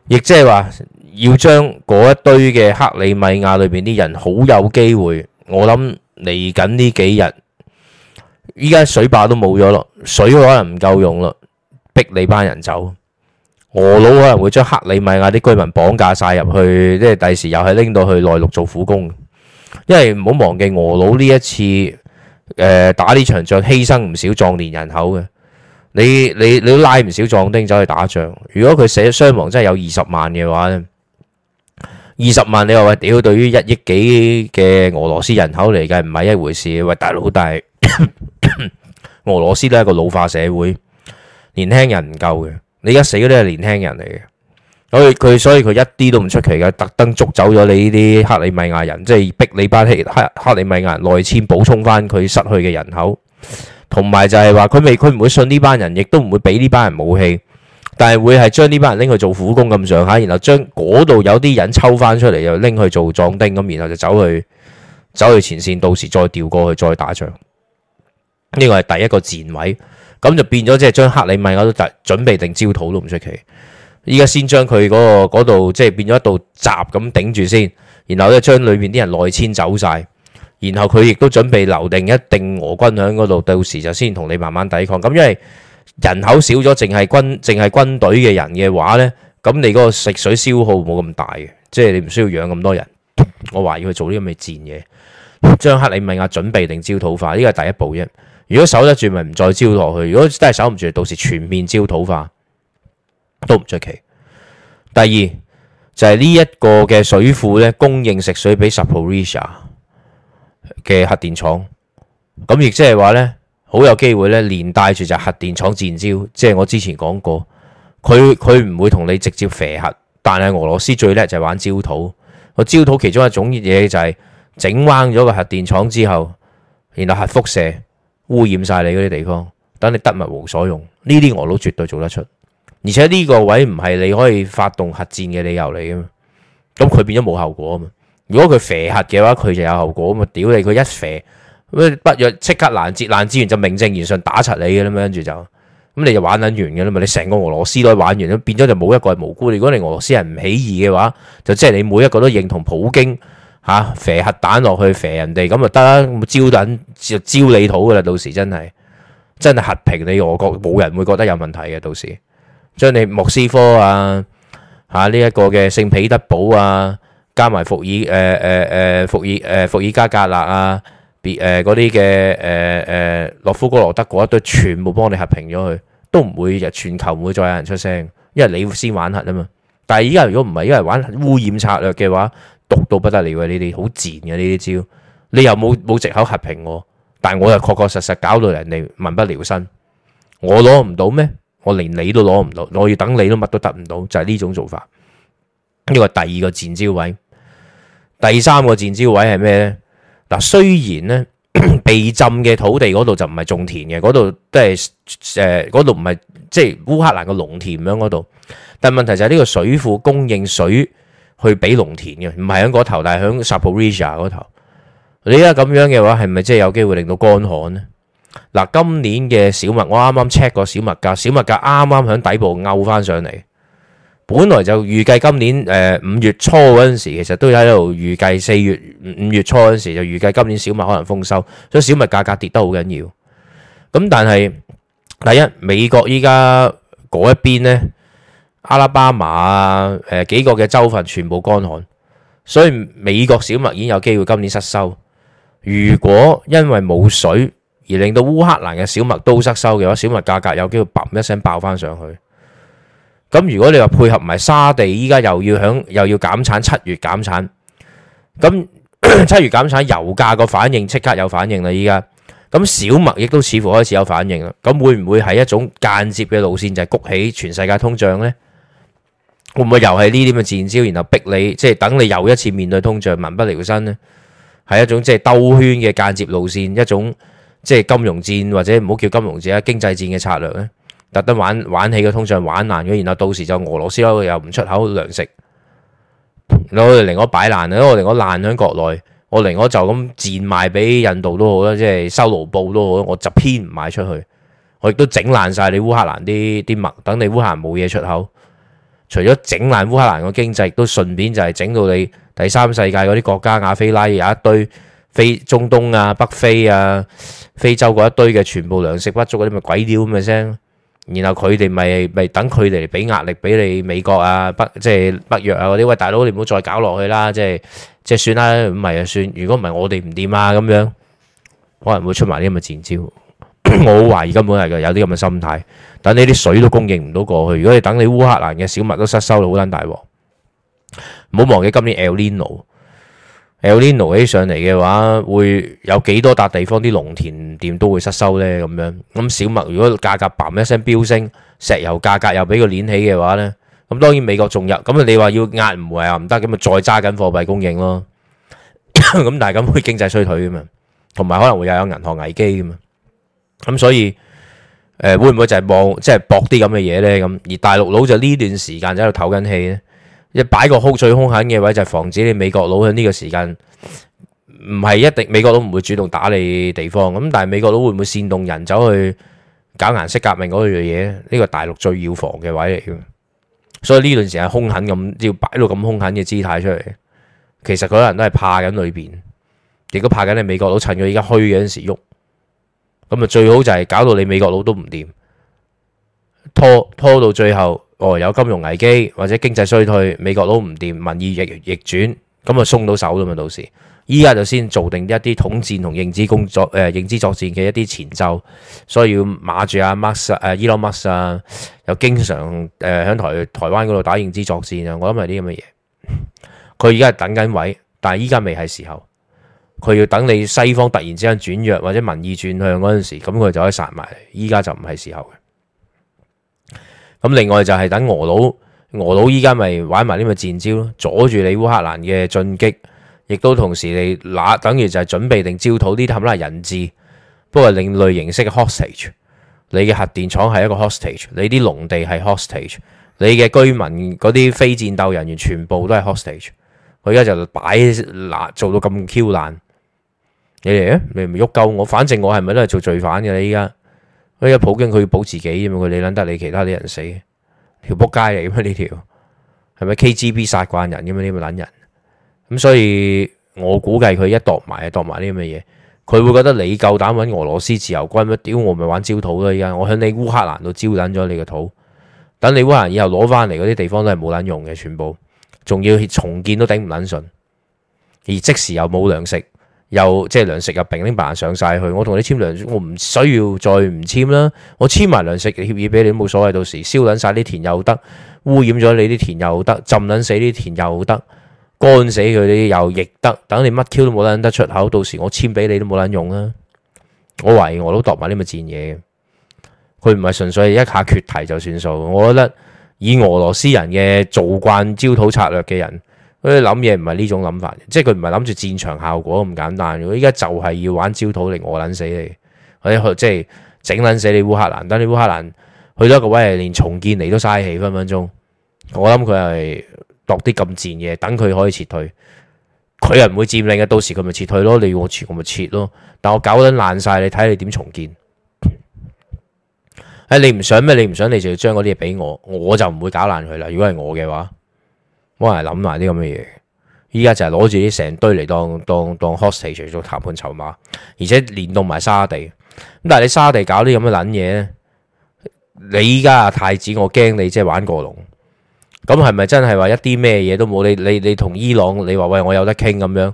亦即係話。要將嗰一堆嘅克里米亞裏邊啲人，好有機會。我諗嚟緊呢幾日，依家水壩都冇咗咯，水可能唔夠用咯，逼你班人走。俄佬可能會將克里米亞啲居民綁架曬入去，即係第時又係拎到去內陸做苦工。因為唔好忘記俄佬呢一次誒打呢場仗，犧牲唔少壯年人口嘅。你你你都拉唔少壯丁走去打仗，如果佢死傷亡真係有二十萬嘅話咧。二十萬你又話屌，對於一億幾嘅俄羅斯人口嚟計唔係一回事。喂，大佬，但係俄羅斯都係一個老化社會，年輕人唔夠嘅，你而家死嗰啲都係年輕人嚟嘅，所以佢所以佢一啲都唔出奇嘅，特登捉走咗你呢啲克里米亞人，即係逼你班克克里米亞內遷補充翻佢失去嘅人口，同埋就係話佢未佢唔會信呢班人，亦都唔會俾呢班人武器。但係會係將呢班人拎去做苦工咁上下，然後將嗰度有啲人抽翻出嚟，又拎去做壯丁咁，然後就走去走去前線，到時再調過去再打仗。呢個係第一個戰位，咁就變咗即係將克里米亞嗰度準備定焦土都唔出奇。依家先將佢嗰個嗰度即係變咗一道閘咁頂住先，然後咧將裏面啲人內遷走晒，然後佢亦都準備留定一定俄軍喺嗰度，到時就先同你慢慢抵抗。咁因為人口少咗，淨係軍淨係軍隊嘅人嘅話呢，咁你嗰個食水消耗冇咁大嘅，即係你唔需要養咁多人。我懷疑佢做呢咁嘅賤嘢。將克里米亞準備定焦土化。呢個係第一步啫。如果守得住，咪唔再焦落去；如果真係守唔住，到時全面焦土化都唔出奇。第二就係呢一個嘅水庫呢，供應食水俾 Zaporizhzhia 嘅核電廠。咁亦即係話呢。好有機會咧，連帶住就核電廠戰招，即係我之前講過，佢佢唔會同你直接肥核，但係俄羅斯最叻就係玩焦土。個焦土其中一種嘢就係整彎咗個核電廠之後，然後核輻射污染晒你嗰啲地方，等你得物無所用。呢啲俄佬絕對做得出，而且呢個位唔係你可以發動核戰嘅理由嚟啊嘛，咁佢變咗冇效果啊嘛。如果佢肥核嘅話，佢就有效果啊嘛。屌你，佢一肥。不若即刻攔截，攔截完就名正言順打柒你嘅啦，咁跟住就咁你就玩撚完嘅啦嘛。你成個俄羅斯都玩完啦，變咗就冇一個係無辜。如果你俄羅斯人唔起義嘅話，就即係你每一個都認同普京吓，啊，射核彈落去射人哋咁就得啦，招到就招你土噶啦。到時真係真係核平你俄國，冇人會覺得有問題嘅。到時將你莫斯科啊吓呢一個嘅聖彼得堡啊，加埋伏爾誒誒誒伏爾誒伏爾加格勒啊。誒嗰啲嘅誒誒，諾夫哥羅德嗰一堆全部幫你核平咗佢，都唔會日全球唔會再有人出聲，因為你先玩核啊嘛。但係而家如果唔係因為玩核污染策略嘅話，毒到不得了啊！呢啲好賤嘅呢啲招，你又冇冇藉口核平我，但係我又確確實實搞到人哋民不聊生，我攞唔到咩？我連你都攞唔到，我要等你都乜都得唔到，就係、是、呢種做法。呢個第二個賤招位，第三個賤招位係咩呢？嗱，雖然咧被浸嘅土地嗰度就唔係種田嘅，嗰度都係誒嗰度唔係即係烏克蘭嘅農田咁嗰度，但問題就係呢個水庫供應水去俾農田嘅，唔係喺嗰頭，但係喺 Zaporizhzhia 嗰頭。你而家咁樣嘅話，係咪即係有機會令到乾旱？呢？嗱、啊，今年嘅小麥，我啱啱 check 過小麥價，小麥價啱啱喺底部勾翻上嚟。本來就預計今年，誒五月初嗰陣時，其實都喺度預計四月五月初嗰陣時就預計今年小麥可能豐收，所以小麥價格跌得好緊要。咁但係第一，美國依家嗰一邊呢，阿拉巴馬啊，誒幾個嘅州份全部乾旱，所以美國小麥已經有機會今年失收。如果因為冇水而令到烏克蘭嘅小麥都失收嘅話，小麥價格有機會嘭一聲爆翻上去。咁如果你話配合埋沙地，依家又要響又要減產，七月減產，咁七月減產，油價個反應即刻有反應啦！依家咁小麥亦都似乎開始有反應啦。咁會唔會係一種間接嘅路線，就係谷起全世界通脹呢？會唔會又係呢啲嘅戰招，然後逼你即係等你又一次面對通脹，民不聊生呢？係一種即係兜圈嘅間接路線，一種即係金融戰或者唔好叫金融戰啊，經濟戰嘅策略呢？特登玩玩起嘅通脹玩爛咗，然後到時就俄羅斯咧又唔出口糧食，我哋另外擺爛啦，因為我哋另外爛喺國內，我另外就咁賤賣俾印度都好啦，即係收盧布都好，我就偏唔賣出去。我亦都整爛晒你烏克蘭啲啲麥，等你烏克蘭冇嘢出口，除咗整爛烏克蘭個經濟，亦都順便就係整到你第三世界嗰啲國家亞非拉有一堆非中東啊，北非啊，非洲嗰一堆嘅全部糧食不足，嗰啲咪鬼屌咁嘅聲。然後佢哋咪咪等佢哋嚟俾壓力，俾你美國啊、北即係北約啊嗰啲，喂，大佬你唔好再搞落去啦，即係即係算啦，唔係啊算，如果唔係我哋唔掂啊咁樣，可能會出埋啲咁嘅賤招，我好懷疑根本係有啲咁嘅心態，等呢啲水都供應唔到過去，如果你等你烏克蘭嘅小麥都失收啦，好撚大鑊，唔好忘記今年 El Nino。連埋起上嚟嘅話，會有幾多笪地方啲農田店都會失收呢？咁樣咁、嗯、小麥如果價格嘭一聲飆升，石油價格又俾佢連起嘅話呢？咁、嗯、當然美國仲入咁，你話要壓唔埋又唔得，咁咪再揸緊貨幣供應咯？咁 但係咁會經濟衰退噶嘛？同埋可能會又有銀行危機噶嘛？咁、嗯、所以誒、呃、會唔會就係博即係博啲咁嘅嘢呢？咁而大陸佬就呢段時間就喺度唞緊氣呢。擺一擺個好最兇狠嘅位，就係防止你美國佬喺呢個時間，唔係一定美國佬唔會主動打你地方咁，但係美國佬會唔會煽動人走去搞顏色革命嗰樣嘢？呢個大陸最要防嘅位嚟嘅，所以呢段時間係兇狠咁，要擺到咁兇狠嘅姿態出嚟，其實嗰啲人都係怕緊裏邊，亦都怕緊你美國佬趁佢而家虛嘅時喐，咁啊最好就係搞到你美國佬都唔掂，拖拖到最後。哦，有金融危機或者經濟衰退，美國佬唔掂，民意逆逆轉，咁啊鬆到手㗎嘛，到時依家就先做定一啲統戰同認知工作，誒、呃、認知作戰嘅一啲前奏，所以要馬住阿、啊、馬斯誒伊隆馬斯啊，又經常誒喺、呃、台台灣嗰度打認知作戰啊，我諗係啲咁嘅嘢。佢而家係等緊位，但係依家未係時候，佢要等你西方突然之間轉弱或者民意轉向嗰陣時，咁佢就可以殺埋。依家就唔係時候。咁另外就係等俄佬，俄佬依家咪玩埋呢個戰招咯，阻住你烏克蘭嘅進擊，亦都同時你嗱，等於就係準備定招討啲氹啦人質，不過另類形式嘅 hostage，你嘅核電廠係一個 hostage，你啲農地係 hostage，你嘅居民嗰啲非戰鬥人員全部都係 hostage，佢而家就擺嗱，做到咁 Q 爛，你哋咧，你唔喐夠我，反正我係咪都係做罪犯嘅？你依家。因為普京佢要保自己，咁啊佢你諗得你其他啲人死，條撲街嚟噶嘛呢條，係咪 KGB 殺慣人咁嘛呢咁嘅捻人，咁所以我估計佢一度埋啊度埋啲咁嘅嘢，佢會覺得你夠膽搵俄羅斯自由軍乜？屌我咪玩焦土啦！依家我響你烏克蘭度招捻咗你個土，等你烏克蘭以後攞翻嚟嗰啲地方都係冇捻用嘅，全部仲要重建都頂唔捻順，而即時又冇糧食。.又即係糧食入並拎埋上晒去，我同你簽糧，我唔需要再唔簽啦。我簽埋糧食嘅協議俾你，都冇所謂。到時燒捻晒啲田又得，污染咗你啲田又，田又，又得，浸捻死啲田又得，乾死佢啲又亦得。等你乜 Q 都冇捻得出口，到時我簽俾你都冇捻用啦。我懷疑我都度埋啲咁嘅賤嘢，佢唔係純粹一下決堤就算數。我覺得以俄羅斯人嘅做慣焦土策略嘅人。佢諗嘢唔係呢種諗法，即係佢唔係諗住戰場效果咁簡單。如果依家就係要玩焦土嚟餓卵死你，或者即係整卵死你烏克蘭。等你烏克蘭去咗一個位係連重建嚟都嘥氣分分鐘。我諗佢係落啲咁賤嘅，等佢可以撤退。佢又唔會佔領嘅，到時佢咪撤退咯。你要我撤，我咪撤咯。但我搞卵爛晒，你睇你點重建。誒、哎，你唔想咩？你唔想你，你就要將嗰啲嘢俾我，我就唔會搞爛佢啦。如果係我嘅話。我係諗埋啲咁嘅嘢，依家就係攞住啲成堆嚟當當當 hostage 做談判籌碼，而且連動埋沙地。咁但係你沙地搞啲咁嘅撚嘢，你依家太子，我驚你即係玩過龍。咁係咪真係話一啲咩嘢都冇？你你你同伊朗你，你話喂，我有得傾咁樣，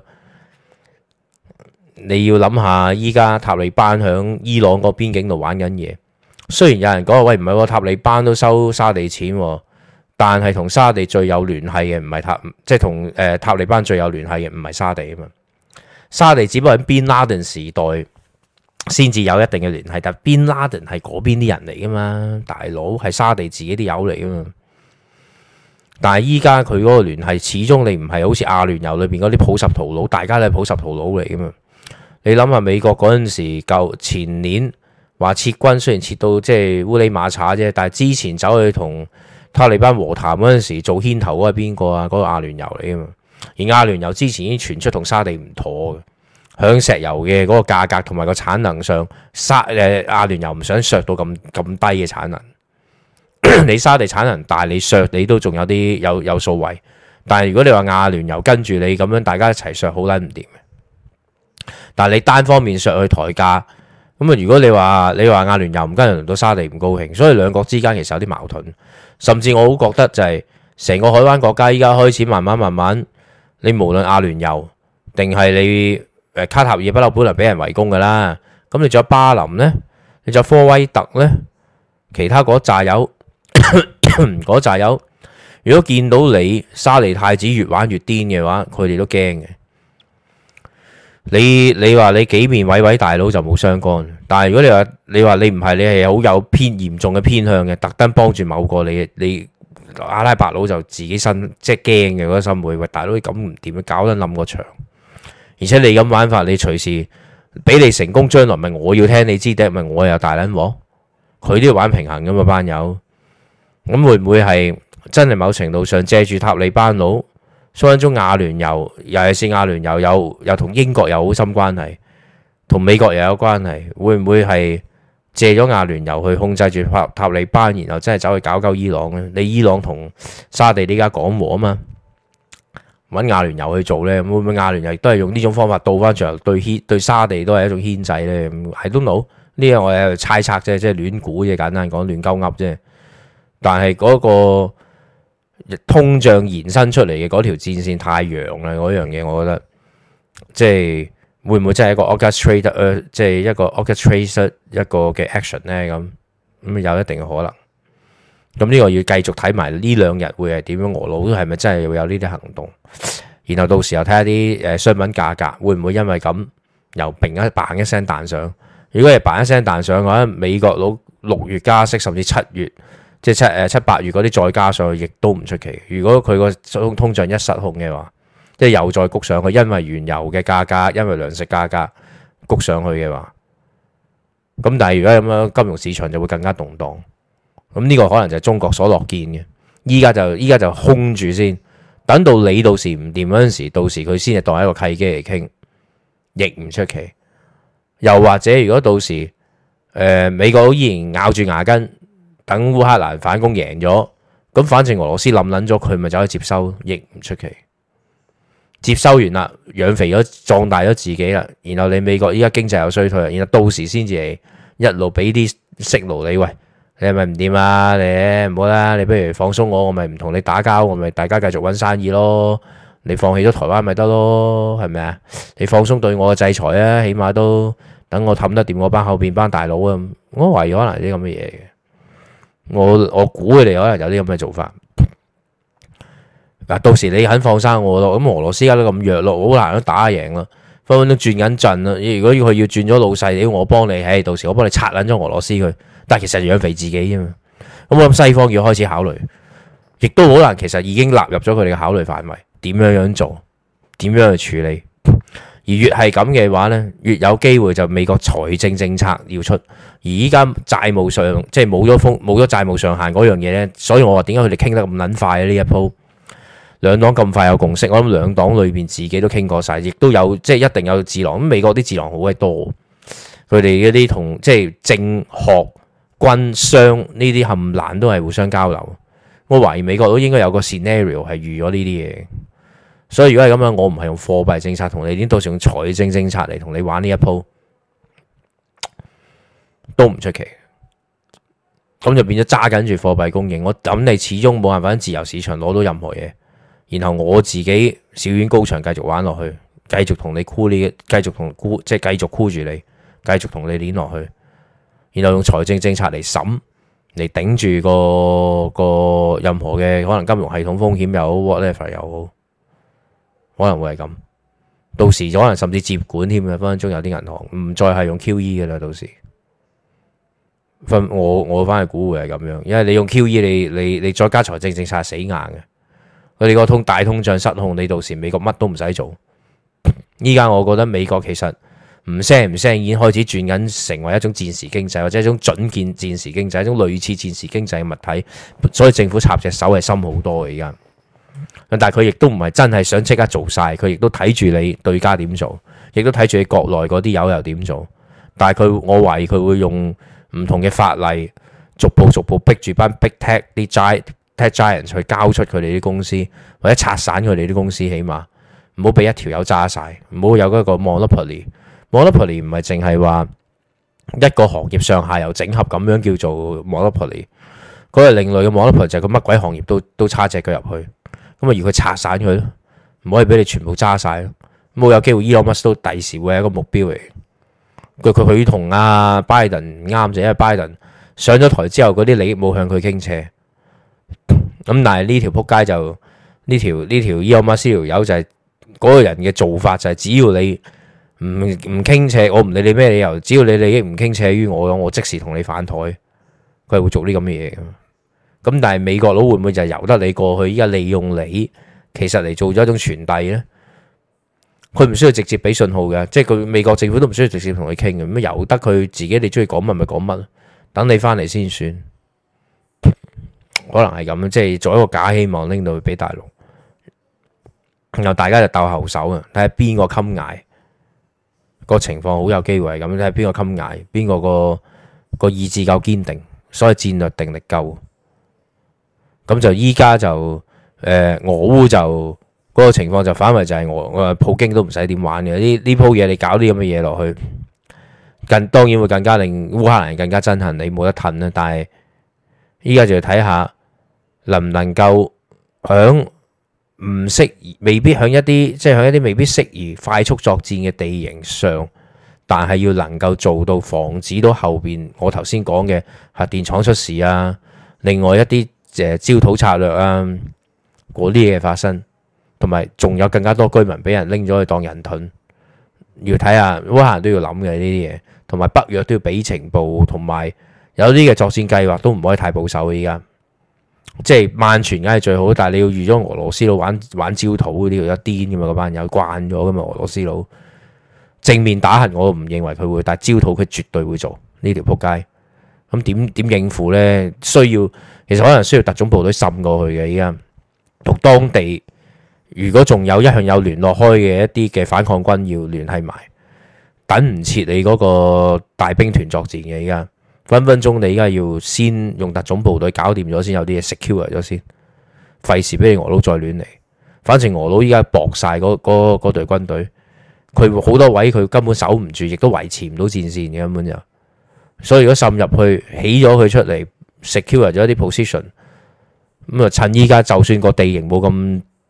你要諗下依家塔利班響伊朗個邊境度玩緊嘢。雖然有人講喂，唔係喎，塔利班都收沙地錢喎啊。但係同沙地最有聯繫嘅唔係塔，即係同誒、塔利班最有聯繫嘅唔係沙地啊嘛。沙地只不過喺 Bin Laden 時代先至有一定嘅聯繫，但 Bin Laden 係嗰邊啲人嚟噶嘛，大佬係沙地自己啲友嚟噶嘛。但係依家佢嗰個聯繫始終你唔係好似阿聯酋裏邊嗰啲普什圖佬，大家都係普什圖佬嚟噶嘛。你諗下美國嗰陣時，舊前年話撤軍，雖然撤到即係烏里馬查啫，但係之前走去同塔利班和談嗰陣時做牽頭嗰係邊個啊？嗰、那個阿聯酋嚟啊嘛。而阿聯酋之前已經傳出同沙地唔妥嘅，響石油嘅嗰個價格同埋個產能上，沙誒、呃、阿聯酋唔想削到咁咁低嘅產能。 你沙地產能大，你削你都仲有啲有有，有數為。但係如果你話阿聯酋跟住你咁樣，大家一齊削好撚唔掂。但係你單方面削去抬價咁啊。如果你話你話阿聯酋唔跟人到沙地唔高興，所以兩國之間其實有啲矛盾。甚至我好覺得就係、是、成個海灣國家依家開始慢慢慢慢，你無論阿聯酋定係你誒卡塔爾，不嬲本來俾人圍攻嘅啦。咁你仲有巴林呢？你仲有科威特呢？其他嗰扎友？嗰扎友？如果見到你沙尼太子越玩越癲嘅話，佢哋都驚嘅。你你話你幾面偉偉大佬就冇相干。但係如果你話你話你唔係你係好有偏嚴重嘅偏向嘅，特登幫住某個你你阿拉伯佬就自己身即係驚嘅嗰心會，喂大佬咁唔掂，搞得冧個場。而且你咁玩法，你隨時俾你成功，將來咪我要聽你知定咪我又大撚鑊？佢都要玩平衡噶嘛、啊、班友。咁會唔會係真係某程度上借住塔利班佬，蘇丹中阿聯酋尤其是阿聯酋又有又同英國有好深關係？同美國又有關係，會唔會係借咗亞聯酋去控制住塔塔利班，然後真係走去搞鳩伊朗咧？你伊朗同沙地而家講和啊嘛，揾亞聯酋去做呢？會唔會亞聯酋亦都係用呢種方法倒翻場，對，對沙地都係一種牽制呢？咁喺都冇呢樣，我係猜測啫，即係亂估啫，簡單講亂鳩噏啫。但係嗰個通脹延伸出嚟嘅嗰條戰線太長啦，嗰樣嘢我覺得即係。會唔會真係一個 orchestrate、呃、即係一個 orchestrate 一個嘅 action 呢？咁咁有一定嘅可能。咁呢個要繼續睇埋呢兩日會係點樣？俄佬係咪真係會有呢啲行動？然後到時候睇下啲誒商品價格會唔會因為咁又砰一砰一聲彈上？如果係砰一聲彈上嘅話，美國佬六月加息甚至七月即係七誒、呃、七八月嗰啲再加上去，亦都唔出奇。如果佢個通脹一失控嘅話，即係又再谷上去，因為原油嘅價格，因為糧食價格谷上去嘅話，咁但係如果咁樣金融市場就會更加動盪，咁、這、呢個可能就係中國所樂見嘅。依家就依家就空住先，等到你到時唔掂嗰陣時，到時佢先係當一個契機嚟傾，亦唔出奇。又或者如果到時誒、呃、美國依然咬住牙根，等烏克蘭反攻贏咗，咁反正俄羅斯冧撚咗佢，咪就可以接收，亦唔出奇。接收完啦，養肥咗，壯大咗自己啦，然後你美國依家經濟又衰退，然後到時先至係一路俾啲息勞你，喂，你係咪唔掂啊？你唔好啦，你不如放鬆我，我咪唔同你打交，我咪大家繼續搵生意咯。你放棄咗台灣咪得咯，係咪啊？你放鬆對我嘅制裁啊，起碼都等我氹得掂我班後邊班大佬啊。我懷疑可能啲咁嘅嘢嘅，我我估佢哋可能有啲咁嘅做法。嗱，到時你肯放生我咯？咁俄羅斯而家都咁弱咯，好難打贏咯，分分鐘轉緊陣啦。如果要佢要轉咗老細，你要我幫你，誒，到時我幫你拆捻咗俄羅斯佢。但係其實養肥自己吖嘛。咁我諗西方要開始考慮，亦都好難。其實已經納入咗佢哋嘅考慮範圍，點樣樣做，點樣去處理。而越係咁嘅話呢，越有機會就美國財政政策要出。而依家債務上即係冇咗風，冇咗債務上限嗰樣嘢呢，所以我話點解佢哋傾得咁捻快呢一鋪。兩黨咁快有共識，我諗兩黨裏邊自己都傾過晒，亦都有即係一定有智囊。咁美國啲智囊好鬼多，佢哋嗰啲同即係政學軍商呢啲冚唪唥都係互相交流。我懷疑美國都應該有個 scenario 係預咗呢啲嘢。所以如果係咁樣，我唔係用貨幣政策同你，到時用財政政策嚟同你玩呢一鋪，都唔出奇。咁就變咗揸緊住貨幣供應，我諗你始終冇辦法喺自由市場攞到任何嘢。然後我自己小院高牆繼續玩落去，繼續同你箍你，繼續同箍即係繼續箍住你，繼續同你鏈落去。然後用財政政策嚟審，嚟頂住個個任何嘅可能金融系統風險又好，whatever 又好，可能會係咁。到時可能甚至接管添啊，分分鐘有啲銀行唔再係用 QE 嘅啦。到時分、e、我我翻去估會係咁樣，因為你用 QE 你你你，你，你再加財政政策係死硬嘅。我哋個通大通脹失控，你到時美國乜都唔使做。依家我覺得美國其實唔聲唔聲已經開始轉緊成為一種戰時經濟，或者一種準建戰時經濟，一種類似戰時經濟嘅物體。所以政府插隻手係深好多嘅。而家但係佢亦都唔係真係想即刻做晒。佢亦都睇住你對家點做，亦都睇住你國內嗰啲友又點做。但係佢，我懷疑佢會用唔同嘅法例，逐步逐步，逐步逼住班 big tech 啲 tech giant 去交出佢哋啲公司，或者拆散佢哋啲公司，起碼唔好俾一條友揸晒，唔好有嗰個 monopoly。monopoly 唔係淨係話一個行業上下游整合咁樣叫做 monopoly。嗰個另類嘅 monopoly 就係佢乜鬼行業都都插隻腳入去咁啊。如果拆散佢咯，唔可以俾你全部揸晒，咯。冇有機會，Elon Musk 都第時會係一個目標嚟。佢佢同阿 Biden 唔啱就因為 Biden 上咗台之後，嗰啲利益冇向佢傾斜。咁、嗯、但係呢條撲街就呢條呢條 U 馬斯條友就係嗰個人嘅，做法就係只要你唔唔傾斜，我唔理你咩理由，只要你利益唔傾斜於我，我即時同你反台，佢係會做啲咁嘅嘢噶。咁、嗯、但係美國佬會唔會就係由得你過去？依家利用你，其實嚟做咗一種傳遞呢？佢唔需要直接俾信號嘅，即係佢美國政府都唔需要直接同佢傾嘅，咁由得佢自己，你中意講乜咪講乜，等你翻嚟先算。可能係咁，即係做一個假希望拎到去俾大陸，然後大家就鬥後手啊！睇下邊個襟捱，個情況好有機會咁，睇下邊個襟捱，邊個個個意志夠堅定，所以戰略定力夠。咁就依家就誒、呃，俄烏就嗰、那個情況就反為就係俄誒，普京都唔使點玩嘅。呢呢鋪嘢你搞啲咁嘅嘢落去，更當然會更加令烏克蘭更加憎恨你冇得褪啦。但係。依家就要睇下能唔能夠響唔適宜，未必響一啲即係響一啲未必適宜快速作戰嘅地形上，但係要能夠做到防止到後邊我頭先講嘅核電廠出事啊，另外一啲誒焦土策略啊嗰啲嘢發生，同埋仲有更加多居民俾人拎咗去當人盾，要睇下烏克蘭都要諗嘅呢啲嘢，同埋北約都要俾情報同埋。有啲嘅作戰計劃都唔可以太保守。依家即係萬全梗係最好，但係你要預咗俄羅斯佬玩玩焦土呢啲，一癲噶嘛？嗰班友慣咗噶嘛？俄羅斯佬正面打痕，我唔認為佢會，但係焦土佢絕對會做呢條扑街。咁點點應付呢？需要其實可能需要特種部隊滲過去嘅。依家同當地如果仲有一向有聯絡開嘅一啲嘅反抗軍要聯繫埋，等唔切你嗰個大兵團作戰嘅依家。分分鐘你而家要先用特種部隊搞掂咗先，有啲嘢 secure 咗先，費事俾你俄佬再亂嚟。反正俄佬依家搏晒嗰嗰嗰隊軍隊，佢好多位佢根本守唔住，亦都維持唔到戰線嘅根本就。所以如果滲入去起咗佢出嚟，secure 咗啲 position，咁啊趁，依家就算個地形冇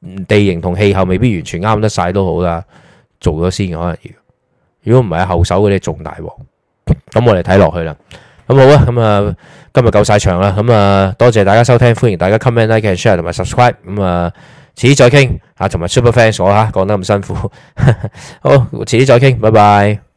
咁地形同氣候未必完全啱得晒都好啦，做咗先可能要。如果唔係後手嗰啲仲大鑊，咁我哋睇落去啦。咁好啊，咁啊今日夠晒場啦，咁啊多謝大家收聽，歡迎大家 comment、like、share 同埋 subscribe，咁啊遲啲再傾啊，同埋 superfans 我吓講得咁辛苦， 好，遲啲再傾，拜拜。